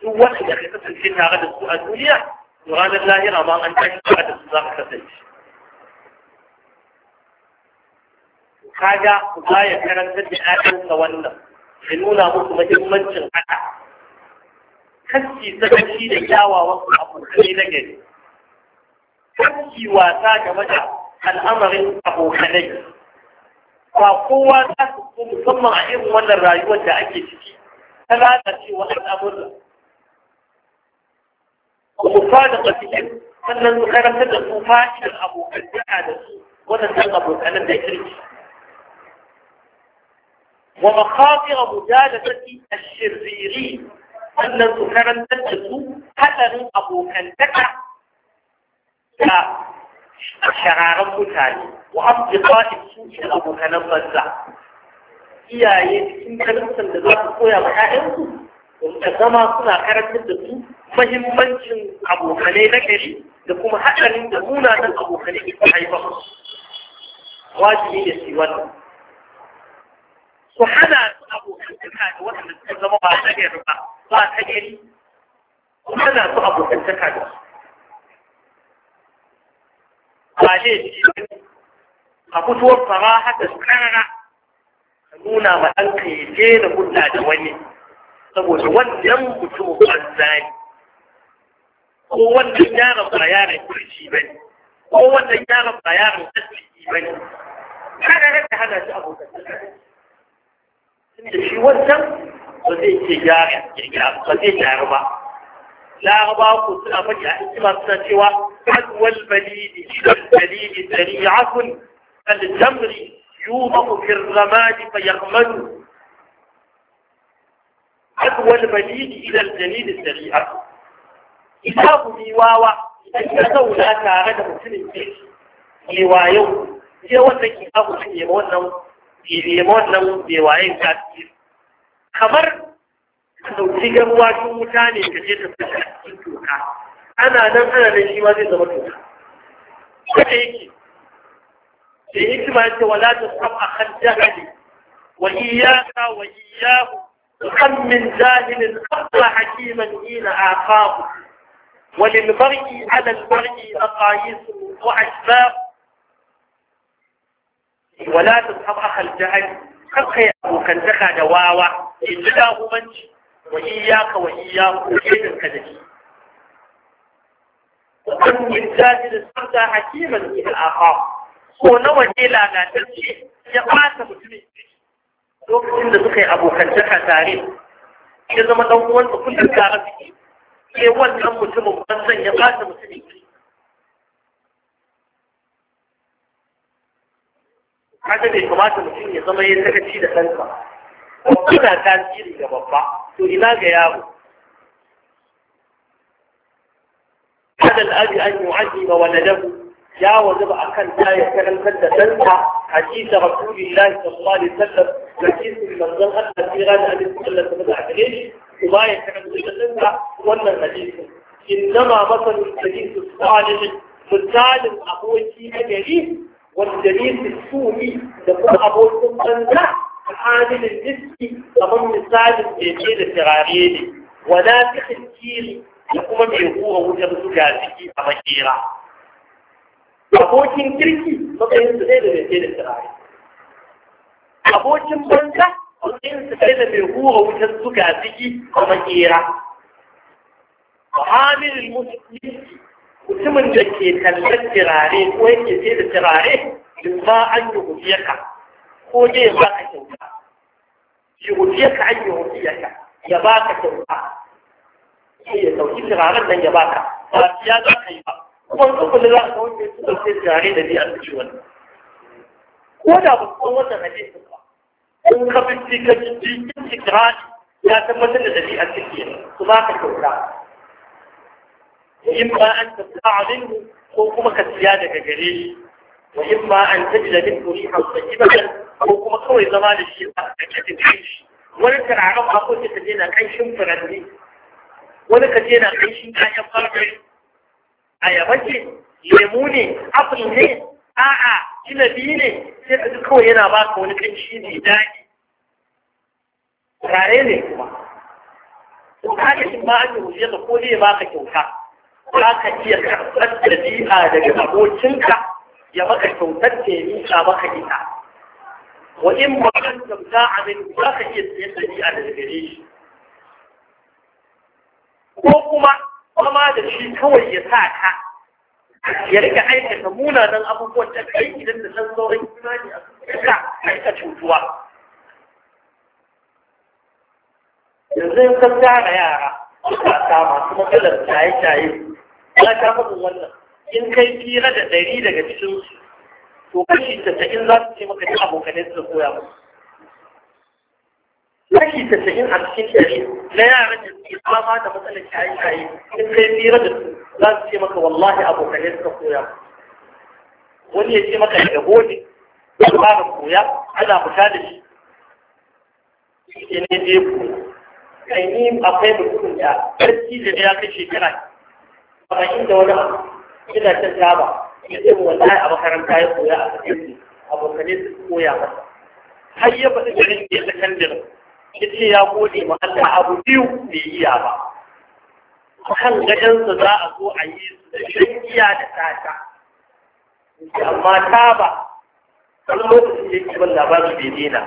duk waɗanda ka kasance tare da su a duniya to ranar lahira ma an tashi tare da su za ka kasance kaga ba ya karanta da ƴaƴansa wannan ya nuna musu muhimmancin haka kaski sakaci da kyawawan abokanai na gari kaski wasa game da al'amarin abokanai ba kowa za su so musamman a irin wannan rayuwar da ake ciki ta lalacewa al'amurra kufa da ƙasikin sannan karanta da su fa'idar abokan da su waɗannan abokanan da kirki ومخاطر مجالسة الشريرين أن الزهرة تجد حسن أبو كنتك كشرارة كتالي وأصدقاء السوء أبو كنتك هي يمكن أن تكون لذلك يا مكائن ومتزمع كنا فهم فنشن أبو كنين كري لكم حسن دمونا أبو كنتك حيبا واجبين السيوان ku hana su abokantaka da waɗanda suka zama ba ta gari ba ba ta gari ku hana su abokantaka da su ba ne a fitowar fara haka su karara ka nuna ma ɗanka ya je da hulɗa da wani saboda wannan mutumin banza ne ko wannan yaron ba yaron kirki ba ne ko wannan yaron ba yaron arziki ba ne kada ka hana su abokan shi wancan ba zai ce gyara kirgira ba zai gyara ba laraba ku suna faɗi a hikima suna cewa adwal balidi idan balidi sari'atun al-jamr yudahu fi ar-ramadi fa yahmadu adwal balidi idan balidi sari'atun ita ku wawa idan ka zauna tare da mutumin ke ke wayo ke wannan kitabu ne wannan ilimi wannan bewa yin tasiri kamar ka ɗauki garuwa cikin wuta ne ka je ta fita a cikin toka ana nan ana nan shi ma zai zama toka kada yake da hikima yake wala ta sam a kan jahali wa iyaka wa iyahu kam min jahilin qabla hakiman ina aqahu وللمرء على المرء أقاييس وأشباه wala ta sab akal jahali kar ka yi abokantaka da wawa in ji dahumanci wa iyaka wa iyaku kedin ka da shi وأن يجادل الفرد da aha ko na waje لا ya يقاس mutum lokacin da suka yi abokantaka tare ya zama ɗan uwansa kullum tare suke ke wannan mutumin ban ya ba mutum kaga bai kamata mutum ya zama ya sakaci da kansa babba na tasiri ga babba to ina ga yaro kada al'abi an yu'azzima waladahu ya wajaba akan ta ya karantar da ɗansa hadisa rasulillahi sallallahu alaihi wasallam da kisin manzon Allah sai ran da Allah ta bada gare shi kuma ya karantar da ɗansa wannan hadisi innama masalul hadisi salih misalin aboki na gari والجليل السوء لكم أبوكم بنزا عامل الجسد أمام مثال الجميل التغاريني ولا الكيل لكم من بيقوه وجبت جاسكي أمكيرا أبوكم كركي مطين سنين الجميل التغاريني أبوكم بنزا مطين من بيقوه وجبت جاسكي أمكيرا وعامل المسلم mutumin da ke kallon turare ko yake sai da turare in ba an yi ka, ko dai ya ka kyauta shi hujiyaka an yi ka, ya ka kyauta sai ya sauki turaren nan ya ka ba ya za ka yi ba kuma dukkanin za ka wuce su sauke turare da biyan da ciwon ko da ba wata wannan su ba in ka bincika cikin kirani ya tabbatar da ɗabi'ar cikin su ba ka kyauta in ba an tasta'dinu ko kuma ka siya daga gare shi wa in ba an tajida min rihan tayyibatan ko kuma kawai zama da shi a cikin kanshi wani turaren akwai ko ka je na kanshin furanni wani ka je na kanshin kayan farfari ayaba ce lemu ne apple ne a'a inabi ne sai ka ji kawai yana ba ka wani shi mai daɗi turare ne kuma ko ka ga shi ba an yi wuce ka, ko zai ka kyauta za ka iya karɓar ɗabi'a daga abokinka ya maka kyautar da ya miƙa maka ita wa in ba kan kyauta a za ka iya da daga gare shi ko kuma kama da shi kawai ya sa ka ya rika aikata munanan abubuwan da kai idan da san sauran imani a suka aika cutuwa yanzu in ka tsara yara suka sa masu matsalar shaye-shaye ya ta faɗin wannan in kai fira da ɗari daga cikin su to kashi tasa'in za su ce maka duk abokanai su koya musu kashi tasa'in a cikin ɗari na yaran da suke fama da matsalar shaye-shaye in kai fira da su za su ce maka wallahi abokanai suka koya musu wani ya ce maka daga gode ya fara koya ana fita da shi shi ne je ku kan yi akwai mutum da ƙarfi da ya kai shekara arba'in da wani abu ina cin taba ya mu wallahi a makaranta ya koya a sakandare abokanai su koya masa har ya faɗi garin da ya sakandare ya ce ya gode ma Allah abu biyu bai iya ba kan gadansa za a zo a yi shan iya da tata amma taba wani lokacin da yake ban labarin bai daina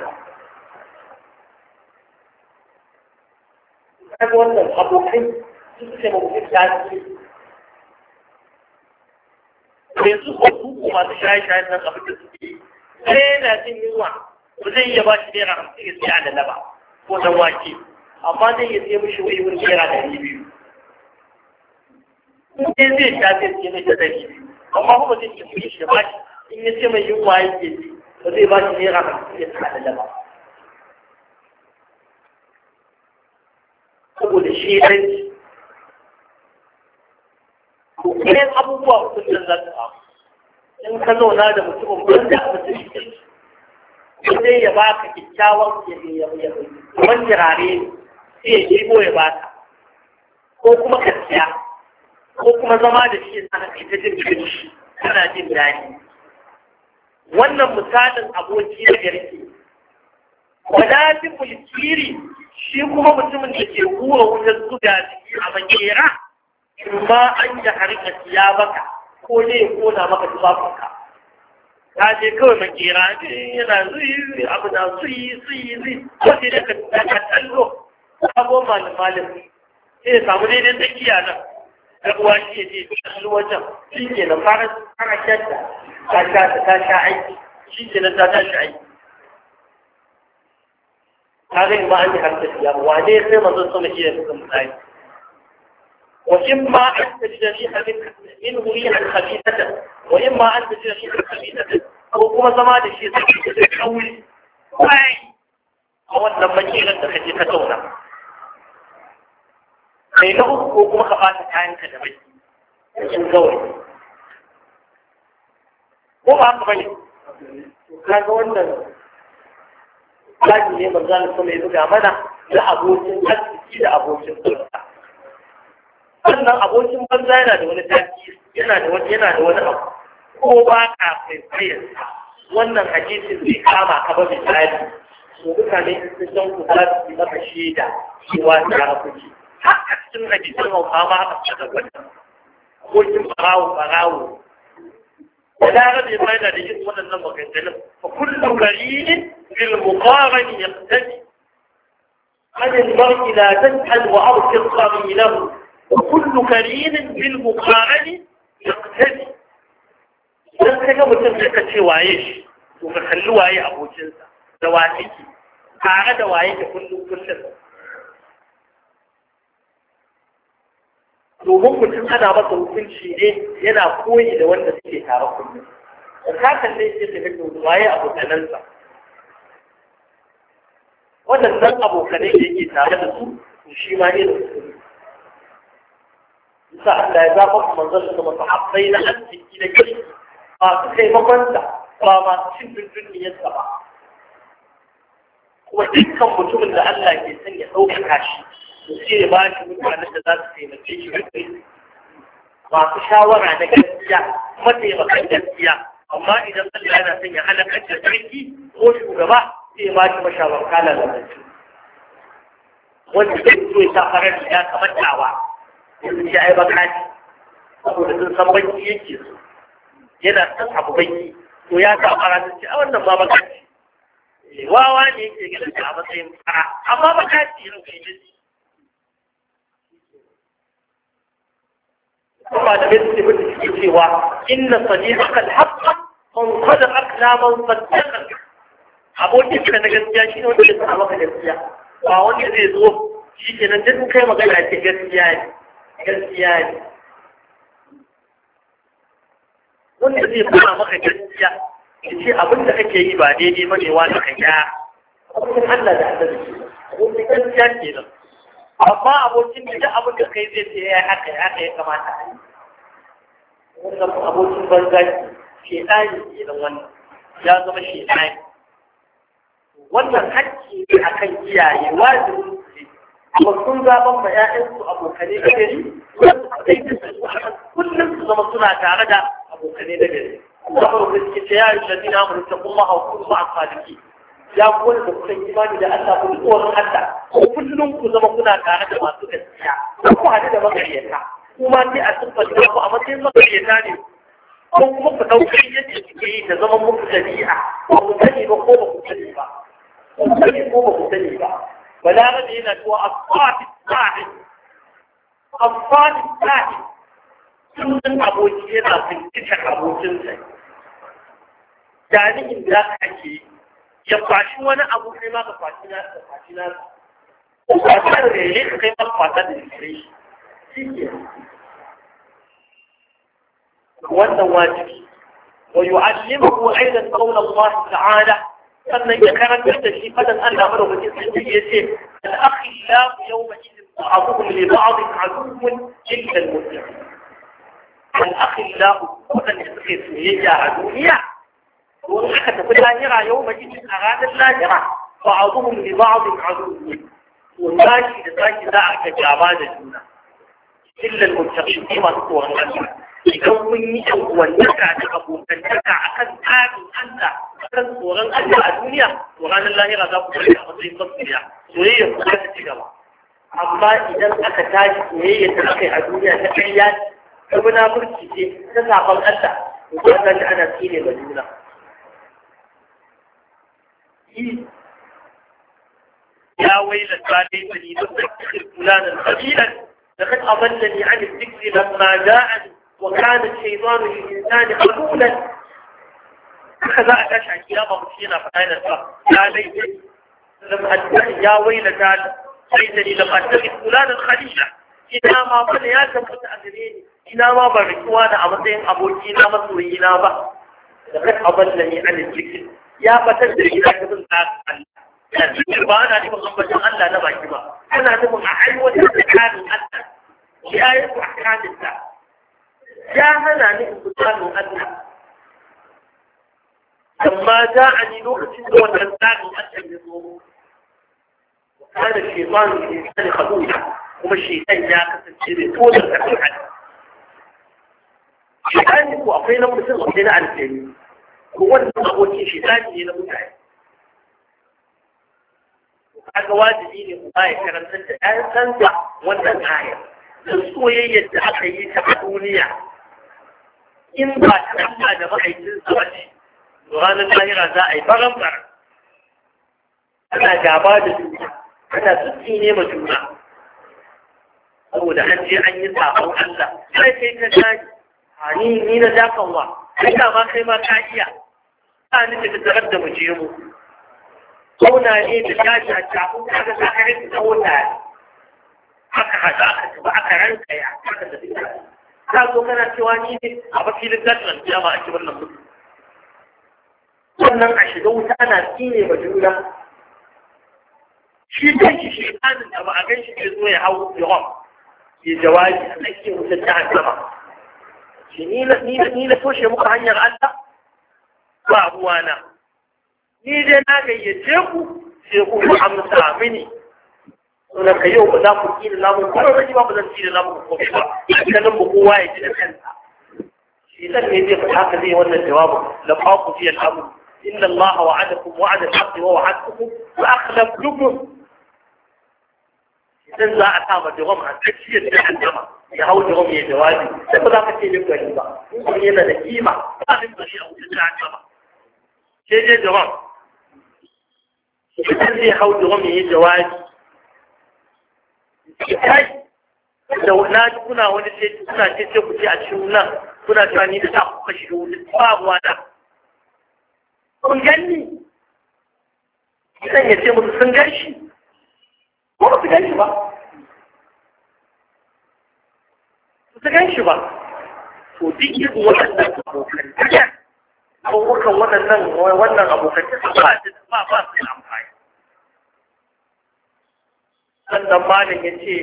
ba kaga wannan abokai su suke mabukin tasiri yanzu ko kuku masu shaye shaye nan abin da suke yi sai yana jin yunwa ba zai iya ba shi naira hamsin ya siya da laba ko dan wake amma zai iya siya mishi wani wani naira ɗari biyu sai zai sha zai siya mai da ɗari amma kuma zai iya kuɗi shi ba shi in ya siya mai yunwa yake ji ba zai ba shi naira hamsin ya siya da laba saboda shi ko abubuwa mutum nan za su samu in ka zauna da mutumin wanda a mutum shi sai ya ba ka kyakkyawan ya ya ya kamar jirare sai ya ɗibo ya ba ka ko kuma ka siya ko kuma zama da shi sana kai ta jin kanshi kana jin daɗi wannan misalin aboki na garke wadatin mulkiri shi kuma mutumin da ke hura wutar zuga jiki a makera ma an yi harika siya baka ko ne ya kona maka tufafinka ka je kawai makera eh, yana zuyi abu na zuyi zuyi zuyi ko sai da ka tallo sabo malam malam sai ya samu daidai tsakiya nan ɗan uwa shi ya je tsallo wajen shi ke nan fara fara shadda ta sha ta sha aiki shi ke nan ta tashi aiki ka ga ma an yi harkar siya ba wane sai mazan sama shi ya fi misali وإما أن تجد ريحا منه ريحا خبيثة وإما أن تجد ريحا خبيثة أو كما زمان شيء تحول واي أو أن لما جينا تخجي تتونا kai na uku ko kuma ka fata kayan ka da bai cikin ko ba haka bane ka ga wannan kaji ne manzo Allah kuma ya buga mana da abokin arziki da abokin tsoro wannan abokin banza yana da wani tafi yana da wani abu ko ba ka fesayin wannan hadisin bai kama ka ba misali so duka ne sun san ku za su yi maka shaida cewa ta ga kuke haka cikin hadisin hau ma ba a cikin wannan abokin barawo barawo da da rabe yana da yin waɗannan magajalin a kullum gari ne bilmukaran ya tafi Hadin na ila tan al wa'ar kisra min ilahu وكل كريم بالمقارن يقتدي idan ka ga mutum da ka ce waye shi to ka kalli waye abokinsa da waye ke tare da waye ke kullum kullum domin mutum ana masa hukunci ne yana koyi da wanda suke tare kullum da ka kalle shi ka ga waye abokanansa waɗannan abokanai da yake tare da su to shi ma irin su sa'an da ya zaɓa manzon da masu haɓɓai na arziki da kirki masu taimakonsa ba masu cin dunduniyarsa ba kuma dukkan mutumin da Allah ke son ya ɗaukaka shi to sai ya ba shi mutanen da za su taimake shi rikki masu shawara na gaskiya mataimakan gaskiya amma idan Allah yana son ya halakar da sarki ko shugaba sai ya ba shi mashawarta lalatattu wanda zai zo ya sa farar ya kamar dawa yanzu shi ai baka ne saboda sun san baki yake so yana san abu banki. to ya sa fara ta ce a wannan ma baka ce eh, wawa ne yake ganin ta a matsayin fara amma baka ce yau kai ne kuma da bai ce mutu suke cewa inna sadiqa al-haqqa man qad aqla man saddaqaka abokin ka na gaskiya shine wanda ya sa maka gaskiya ba wanda zai zo shi kenan duk kai magana ce gaskiya ne gaskiya ne wanda zai fara maka gaskiya ya ce abin da kake yi ba daidai ba ne wani ka ya abokin Allah da Allah ke wani gaskiya ke nan amma abokin da abin da kai zai ce ya haka ya haka ya kamata a yi wannan abokin banza ke ɗani ke nan wannan ya zama shi ɗani wannan hakki ne akan iyaye wajibin ba sun zaɓan ma ‘ya'yansu abokanai da gari wasu kaɗai da su kullum su zama suna tare da abokanai da gari kuma ba wanda suke ce yayin da dina mu ta kuma hauku su a kwanaki ya kuwa da kusan imani da Allah ku tsoron Allah kullum ku zama kuna tare da masu gaskiya ku haɗu da makaryata kuma sai a siffanta ku a matsayin makaryata ne ko kuma ku ɗauki yadda suke yi da zaman muku jami'a ba ku sani ba ko ba ku sani ba ku sani ko ba ku sani ba فلا بد ان هو الصاد الصاحب الصاد الصاحب سنن ابو جيرا في كتاب ابو جنس يعني ان ذاك اكي يفاشي وانا ابو كما فاشينا فاشينا وفاشينا ريليس كيف فاشينا ريليس وانا واجب ويعلمه ايضا قول الله تعالى sannan ya karantar da shi fadan Allah madaukakin sarki ya ce al-akhillahu yawma idin ba'dhum li ba'dhin aduwwun illa al-muttaqin al-akhillahu wadanda suke soyayya a duniya don haka tafi lahira yawma idin a ranar lahira ba'dhum li ba'dhin aduwwun wallahi da zaki za a ga gaba da juna illa al-muttaqin ma su tsoron Allah idan mun yi yan uwantaka da abokantaka a kan tsarin Allah a kan tsoron Allah a duniya to ranar lahira za ku kwanta a matsayin masoya soyayya ku za ta ci gaba amma idan aka tashi soyayya ta aka yi a duniya ta ƙarya ta murki ce ta sabon Allah to ba za ta ana tsine ma juna يا ويلتى ليتني لم أتخذ فلانا خليلا لقد أضلني عن الذكر لما جاءني وكان الشيطان للإنسان قلولا فذا أتشعك يا مرسينا فأين الفرق يا ليتني لم أتشعك يا ويلة ليتني لم أتشعك فلانا خليشة إنا ما بل يا سبت أدريني إنا ما بركوانا أمسين أبو جينا مصري إنا ما لقد أبلني عن الذكر يا فتن إلى كبن لا يعني بقى انا دي محمد الله لا ما يجيبها انا دي محمد احل وتحال الحال الحال يا ايها الحال الحال ya hana ni in tsarin Allah amma za a ni lokacin da wannan tsarin Allah ya zo وكان الشيطان kan خذولا kuma shi dan ya kasance mai tozar da kan dan ko akwai na mutum akwai na alheri ko wannan abokin shi dan ne na mutane kaga wajibi ne ku ba ya karantar da ɗan sanda wannan kayan da soyayyar da aka yi ta duniya in ba ta Allah da ma'aikinsa ba ce ranar lahira za a yi baran baran ana gaba da juna ana tsutsi ne ma juna saboda an je an yi sabon Allah sai kai ka gani ni ni na dakan wa kai ka ma kai ma ka iya ka ni da tarar da mu je mu kauna ne da tashi a tafin kaga za ka rinka kauna haka haka aka ba aka ranka ya haka da duka ka zo kana cewa ni ne a bakilin gasar kiyama a kibar nan mutu Wannan a shiga wuta ana tsine ba juna shi kanshi shi kanin da ba a gan shi ke zo ya hau yawon ke jawabi a tsakiyar wutar jahannama shi ni na toshe muku hanyar Allah ba ruwana ni dai na gayyace ku sai ku amsa mini sunan ka yau ba za ku tsira namun ba ba ji ba ba zan tsira namun ko ba kanin mu kowa ya ji da kansa shi zan ne zai faɗa haka zai wannan jawabin la faqu fi al-amr inna Allah wa'adakum wa'ada al-haqq wa wa'adtukum fa akhlaftukum idan za a sa ma jawab a tsakiyar da annama ya hau jawab ya jawabi sai ba za ka ce min gari ba in kuma yana da kima ba min gari a wutar da annama sai dai jawab idan zai hau jawab ya jawabi kai da na kuna wani ce kuna ce sai ku ce a cikin nan kuna ta ni da ku kashi da wani babu wani kun ganni zan ya ce musu sun gan shi ko ba su gan shi ba su gan ba to duk yi waɗannan abokan tafiya ko waɗannan wannan abokan tafiya ba su da amfani sannan malin ya ce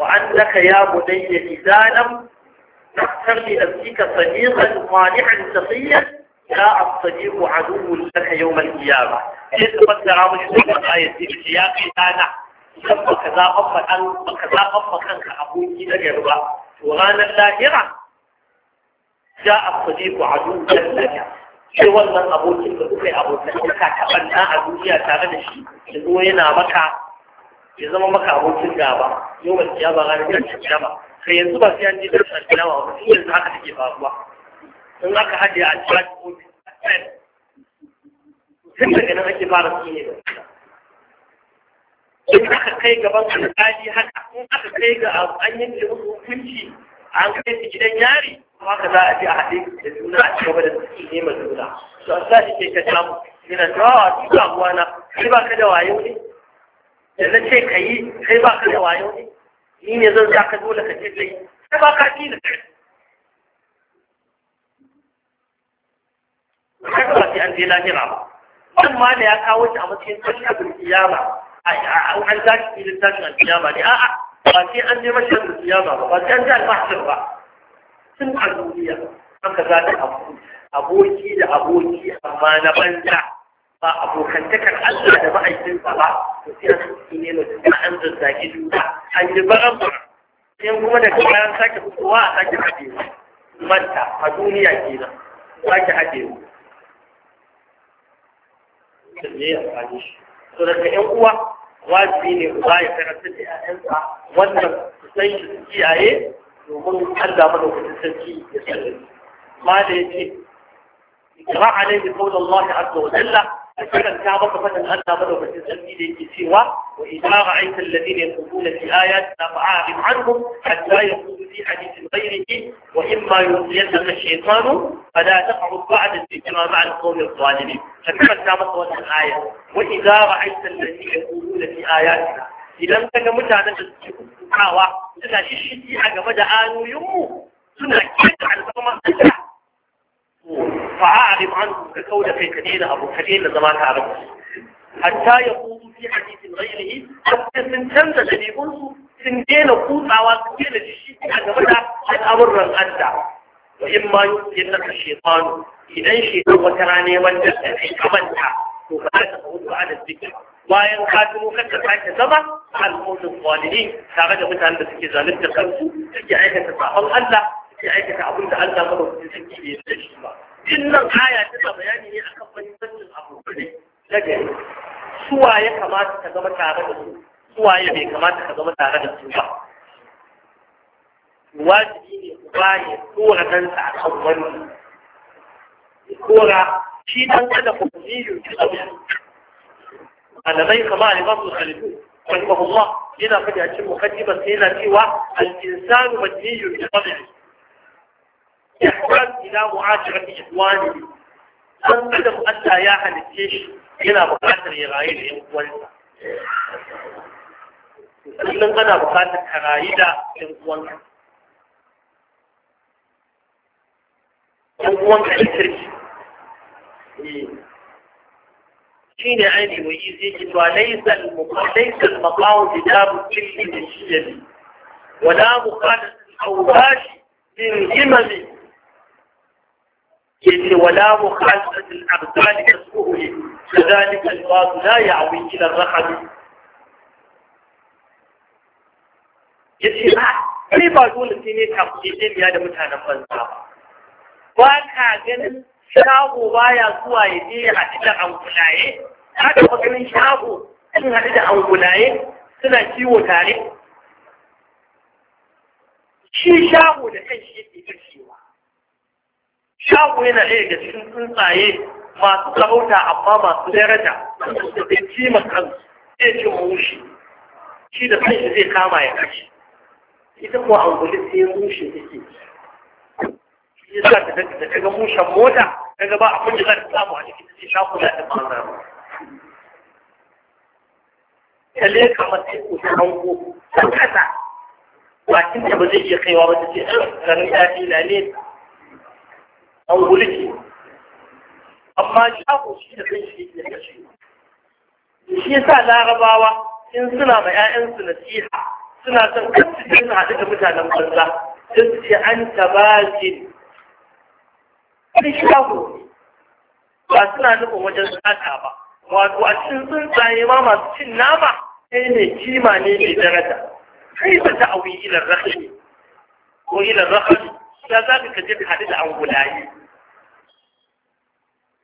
wa an ya budai ya idanan daftar ne da su ka sani san malihan tafiya ya amsani ku a yau mai iya ba ya zama da ramun shi da ya ce da ya kai dana kan baka zaɓan faɗan baka aboki na yarba to ranar lahira ya amsani a dubun daga ke wannan abokin da kuka yi taɓa na a duniya tare da shi yanzu yana maka ya zama maka abokin gaba yau ba ya ba ranar tashin kiyama sai yanzu ba sai an je da kiyama ba Su yanzu haka take faruwa in aka haɗe a cikin ofis a cikin tun daga nan ake fara su ne in aka kai gaban alƙali haka in aka kai ga an yanke musu hukunci an kai su gidan yari haka za a je a haɗe da juna a cikin gaba da suke nema juna to a sa shi ke ka samu yana tawawa ah, duk abuwa na shi ba ka da wayo ne da ce ka yi kai ba ka da wayo ne ni ne zan sa ka dole ka ce ka yi kai ba ka ƙi da kai ba sai an je lahira ba wannan ma da ya kawo shi a matsayin tashin kiyama an tashi filin tashin kiyama ne a'a ba sai an je mashin kiyama ba ba sai an je alfahar ba tun a duniya haka za ta abu aboki da aboki amma na banza ba abokantakar Allah da ma'aikin sa ba to sai an tsoki ne mai kuma an zazzage juna an yi baran baran sai kuma da kayan sake fitowa a sake haɗe manta a duniya kenan sake haɗe mu ne ya faɗi to daga ƴan uwa wajibi ne uba ya karanta da ƴaƴansa wannan su san shi su kiyaye domin Allah madaukakin sarki ya sanin ma da yake اقرأ عليه قول الله عز وجل فكرتا بك فتن أنت بدو بتسلمي لك سوى وإذا رأيت الذين يقولون في آياتنا فأعرض عنهم حتى يقولوا في حديث غيره وإما ينزينك الشيطان فلا تقعد بعد الذكرى مع القوم الظالمين فكرتا بك فتن آية وإذا رأيت الذين يقولون في آياتنا idan ka ga mutanen da suke kukawa suna shishiki a game da ayoyinmu suna keta alfarmar Allah فأعرض عنهم كقول في كدين أبو كدين زمان تعرف حتى يقول في حديث غيره حتى من تنزل الذي يقولوا سنجين قوطة وسنجين الشيء أجمعنا الأمر الأدع وإما يمكن لك الشيطان إذا شيطان وتراني وانجل أمنها وفعلت أقول على الذكر bayan ka tuno kanka sake zama al'ummul zalimi tare da mutanen da suke zalunta kansu suke aikata sabon Allah suke aikata abin da Allah madaukakin sarki bai yarda shi Dinnan aya tana bayani ne akan mahimmancin abokanai na gari. Suwa ya kamata ka zama tare da su, suwa ya bai kamata ka zama tare da su ba. Wajibi ne ku ba ya tsora kansa a kan wani. Ya tsora shi ɗan kada ku biyu ki zaune. Malamai kama Alimamu Khalidu رحمه الله هنا قد يأتي مقدمة هنا سوى الإنسان مدني بطبعه حد إلى معاشرة إخواني أن أدب أنت يا أهل الجيش إلى مقاتل يغايد إخوانك إن أنا مقاتل يغايد إخوانك إخوانك إخوانك شيني عيني ويزي جدوى ليس المقاتل المقاوم جداب كل الشيء ولا مقاتل الأوباش من همم يتي ولا مخالفة الأغزال تسكره كذلك الباب لا يعوي إلى الرحم يتي ما sai ba dole sai ne tafsirin ya da mutanen banza ba ka ganin shago baya zuwa ya je ya haɗu da angulaye haka ba ganin shago sun hadu da angulaye suna kiwo tare shi shago da kan shi yake kashewa shago yana ɗaya ga cikin tsuntsaye masu sarauta amma masu daraja da zai kima kansu zai ci mushi shi da kanshi zai kama ya kashe ita an anguli sai mushi take shi yasa da ta kaga mushen mota kaga ba abin da za ta samu a cikin sai shago da ta fara ta leka mata ko ta hango ta kasa bakin ta ba zai iya kaiwa ba ta ce ɗan eh, garin ɗafi na ne an wulki amma shago shi da kan shi ne kashe shi yasa larabawa in suna ma 'ya'yansu nasiha suna son kasu suna haɗu da mutanen banza sai su ce an tabajin wani shago ba suna nufin wajen sata ba wato a cikin tsuntsaye ma masu cin nama kai ne kima ne mai daraja kai ba ta awi ilar rahimi ko ilar rahimi ya za ka kaje ka haɗu da angulayi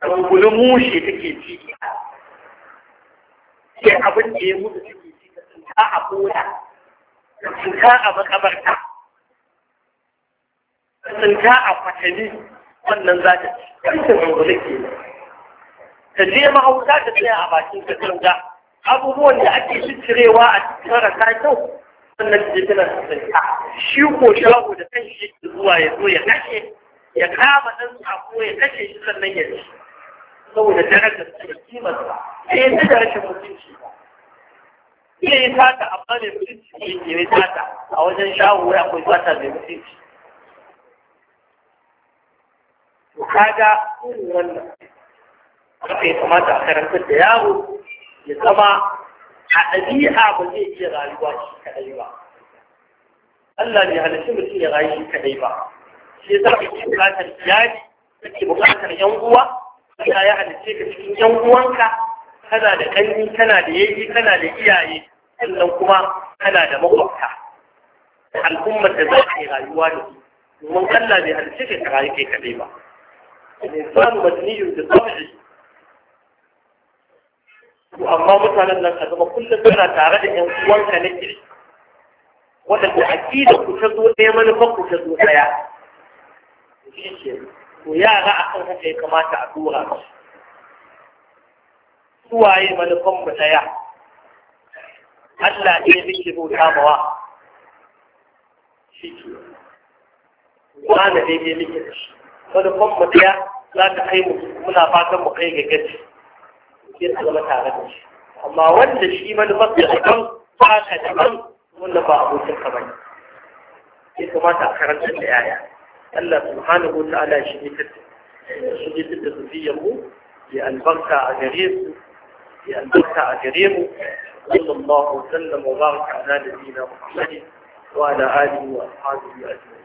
rungulin mushe take ci ke abin da ya mutu take ci ka tsinka a bola ka tsinka a makabarta ka tsinka a kwatani wannan za ta ci kancin rungulin ke ta je mahauta ta tsaya a bakin ka tsinka abubuwan da ake cirewa a cikin rasa kyau wannan da tana tsinka shi ko shago da kan shi zuwa ya zo ya kashe ya kama a ko ya kashe shi sannan ya ci saboda darajar da kimar ba sai da rashin mutunci ba iya yi sata amma mai mutunci ne ke yi sata a wajen shawo ya akwai sata mai mutunci to kaga irin wannan haka ya kamata a karantar da yaro ya zama a ɗabi'a ba zai iya rayuwa shi kaɗai ba Allah bai halittu mutum ya rayu shi kaɗai ba shi ya zama ke buƙatar iyali ke buƙatar 'yan uwa ya ya halice ka cikin yan uwanka kana da ƙanni kana da yayi kana da iyaye sannan kuma kana da makwabta al'ummar da za ka yi rayuwa da su domin Allah bai ka ka rayu kai kaɗai ba الإنسان مدني بالطبع وأما مثلا لن أزم كل سنة تعرض إن وانك نجري وأنت كتزو إيمان فقو to yara a kan haka ya kamata a tura su waye manufan mu daya Allah ne muke bauta mawa shi ke wani ne ne muke da shi manufan mu daya za ta kai mu muna fatan mu kai ga gaci sai ta zama tare da shi amma wanda shi manufar da daban ba da daban wanda ba abokin ka bane ya kamata a karanta da yaya Allah subhanahu wa ta'ala shi ne shi ne da zuriyar mu ya albarka a gare su ya albarka a gare mu sallallahu alaihi wa sallam wa baraka ala nabiyina Muhammadin wa ala alihi wa ashabihi ajma'in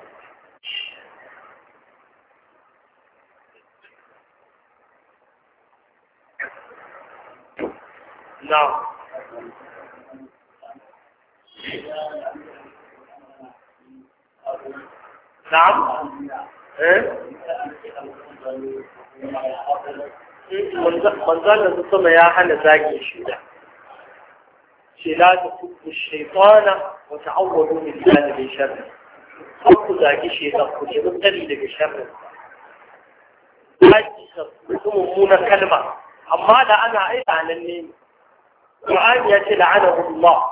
نعم نعم إيه؟ من زال نصم يا حنا زاكي شيلا شيلا تفكوا الشيطان وتعوضوا من ذلك الشر فكوا زاكي شيلا فكوا تريد الشر زاكي شر كلمة أما لا أنا أيضا عن النين وعاد يتلعنه الله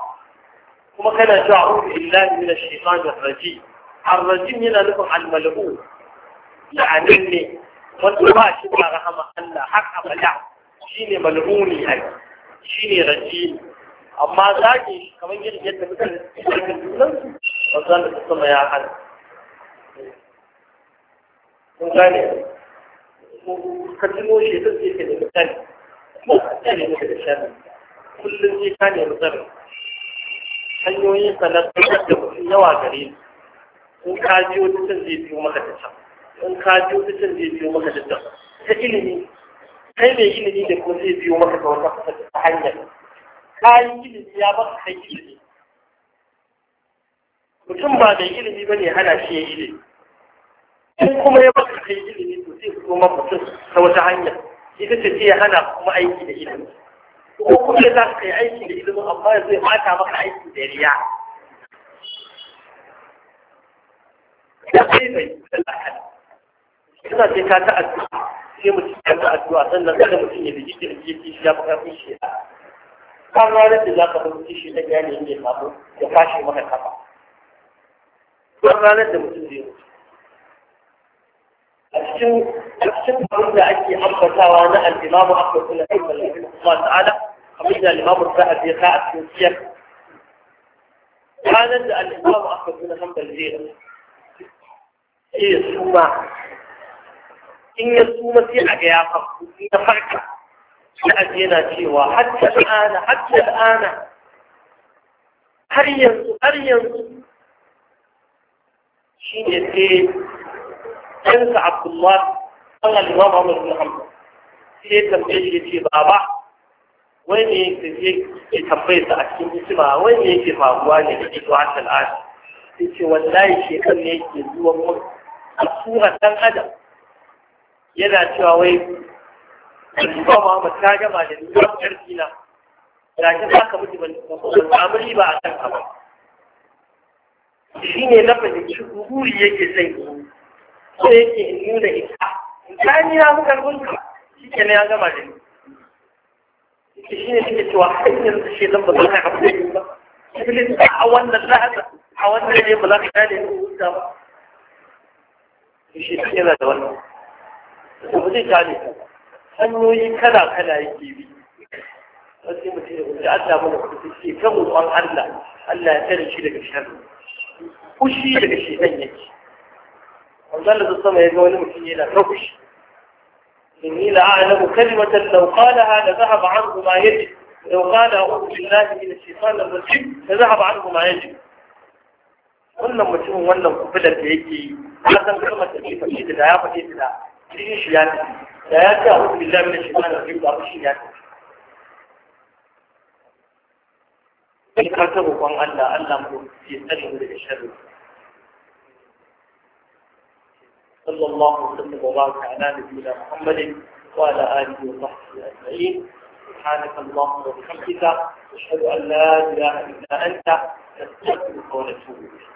وما كان شعور الله من الشيطان الرجيم الرجيم هنا نفهم عن ملعون يعني اني وانتو ما شبه رحمة الله حق أبلع شيني ملعوني هاي شيني رجيم أما ذاكي كما يجب أن يتبقى مثل الدولة وظن يا حد وظن كتبوا شيء تسيك المثال مثال مثل الشامل كل شيء كان يمزر هنوين فلا قريب in ka biyo ta can zai biyo maka ta can in ka biyo ta can zai biyo maka ta can ta ilimi kai mai ilimi da kuma zai biyo maka ta wata ta hanyar kayan ilimi ya baka kai ilimi mutum ba mai ilimi ba ne hana shi ya ilimi in kuma ya baka kai ilimi to zai fito maka mutum ta wata hanyar ita ce ce ya hana kuma aiki da ilimi ko kuma za ka yi aiki da ilimin amma zai mata maka aiki da riya da kai bai da lahadi kisa sai ka ta addu'a sai mutum ya ta addu'a sannan kada mutum ya bigi kirji ya ci ya fi karfin shi kan ranar da za ka mutum shi ta gane inda ya samu ya fashe maka kafa kan ranar da mutum zai mutu a cikin abin da ake ambatawa na al'imamu akwai suna kai mallaki kuma ta'ala kamar da al'imamu sa'ad ya ka a cikin siyar ranar da al'imamu akwai suna kan balzera sai ya suma in ya suma sai a ga ya farko in ya farka sai a yana cewa hatta al'ana hatta al'ana har yanzu har yanzu shi ne sai ɗansa Abdullahi ɗan al'imam Ahmad bin Hanbal sai ya tambaye shi ya ce baba wai ne ya tambaye sa a cikin hikima wai ne yake faruwa ne da ke zuwa tal'ashi sai ce wallahi shekaru ne yake zuwa mutu a surar adam yana cewa wai ba ma mu ta gama da duwar ƙarfi na da ta za ka mutu ban samu ba a kan ka ba shi ne na fahimci guri yake zai yi ko yake in nuna ita in ta ni na muka gunka shi ke ya gama da ni shi ne suke cewa hanyar da shi zan ba za ka hafi da ba shi ne a wannan lahasa a wannan ne ba za ka gane ni ba shi duk yana da wannan ba ta gane hanyoyi kala kala yake bi wasu mutum ya gudu Allah mana kudu sai kan roƙon Allah Allah ya tare shi daga sharri kushi daga shedan yake wanzan da sama ya ga wani mutum yana ta kushi إني لأعلم كلمة لو قالها لذهب عنه ما يجب لو قال أعوذ بالله من الشيطان الرجيم لذهب عنه ما يجب wannan mutumin wannan kubilar da yake yi wannan kalmar da ke faɗi da ya faɗi da cikin shi ya tafi da ya ce a hudu billahi min shaitan rajim da shi ya tafi in ka ta roƙon Allah Allah mu ya tsare mu daga sharri sallallahu alaihi wa baraka ala nabiyina muhammadin wa ala alihi wa sahbihi ajma'in سبحانك اللهم وبحمدك أشهد أن لا إله إلا أنت نستغفرك ونتوب إليك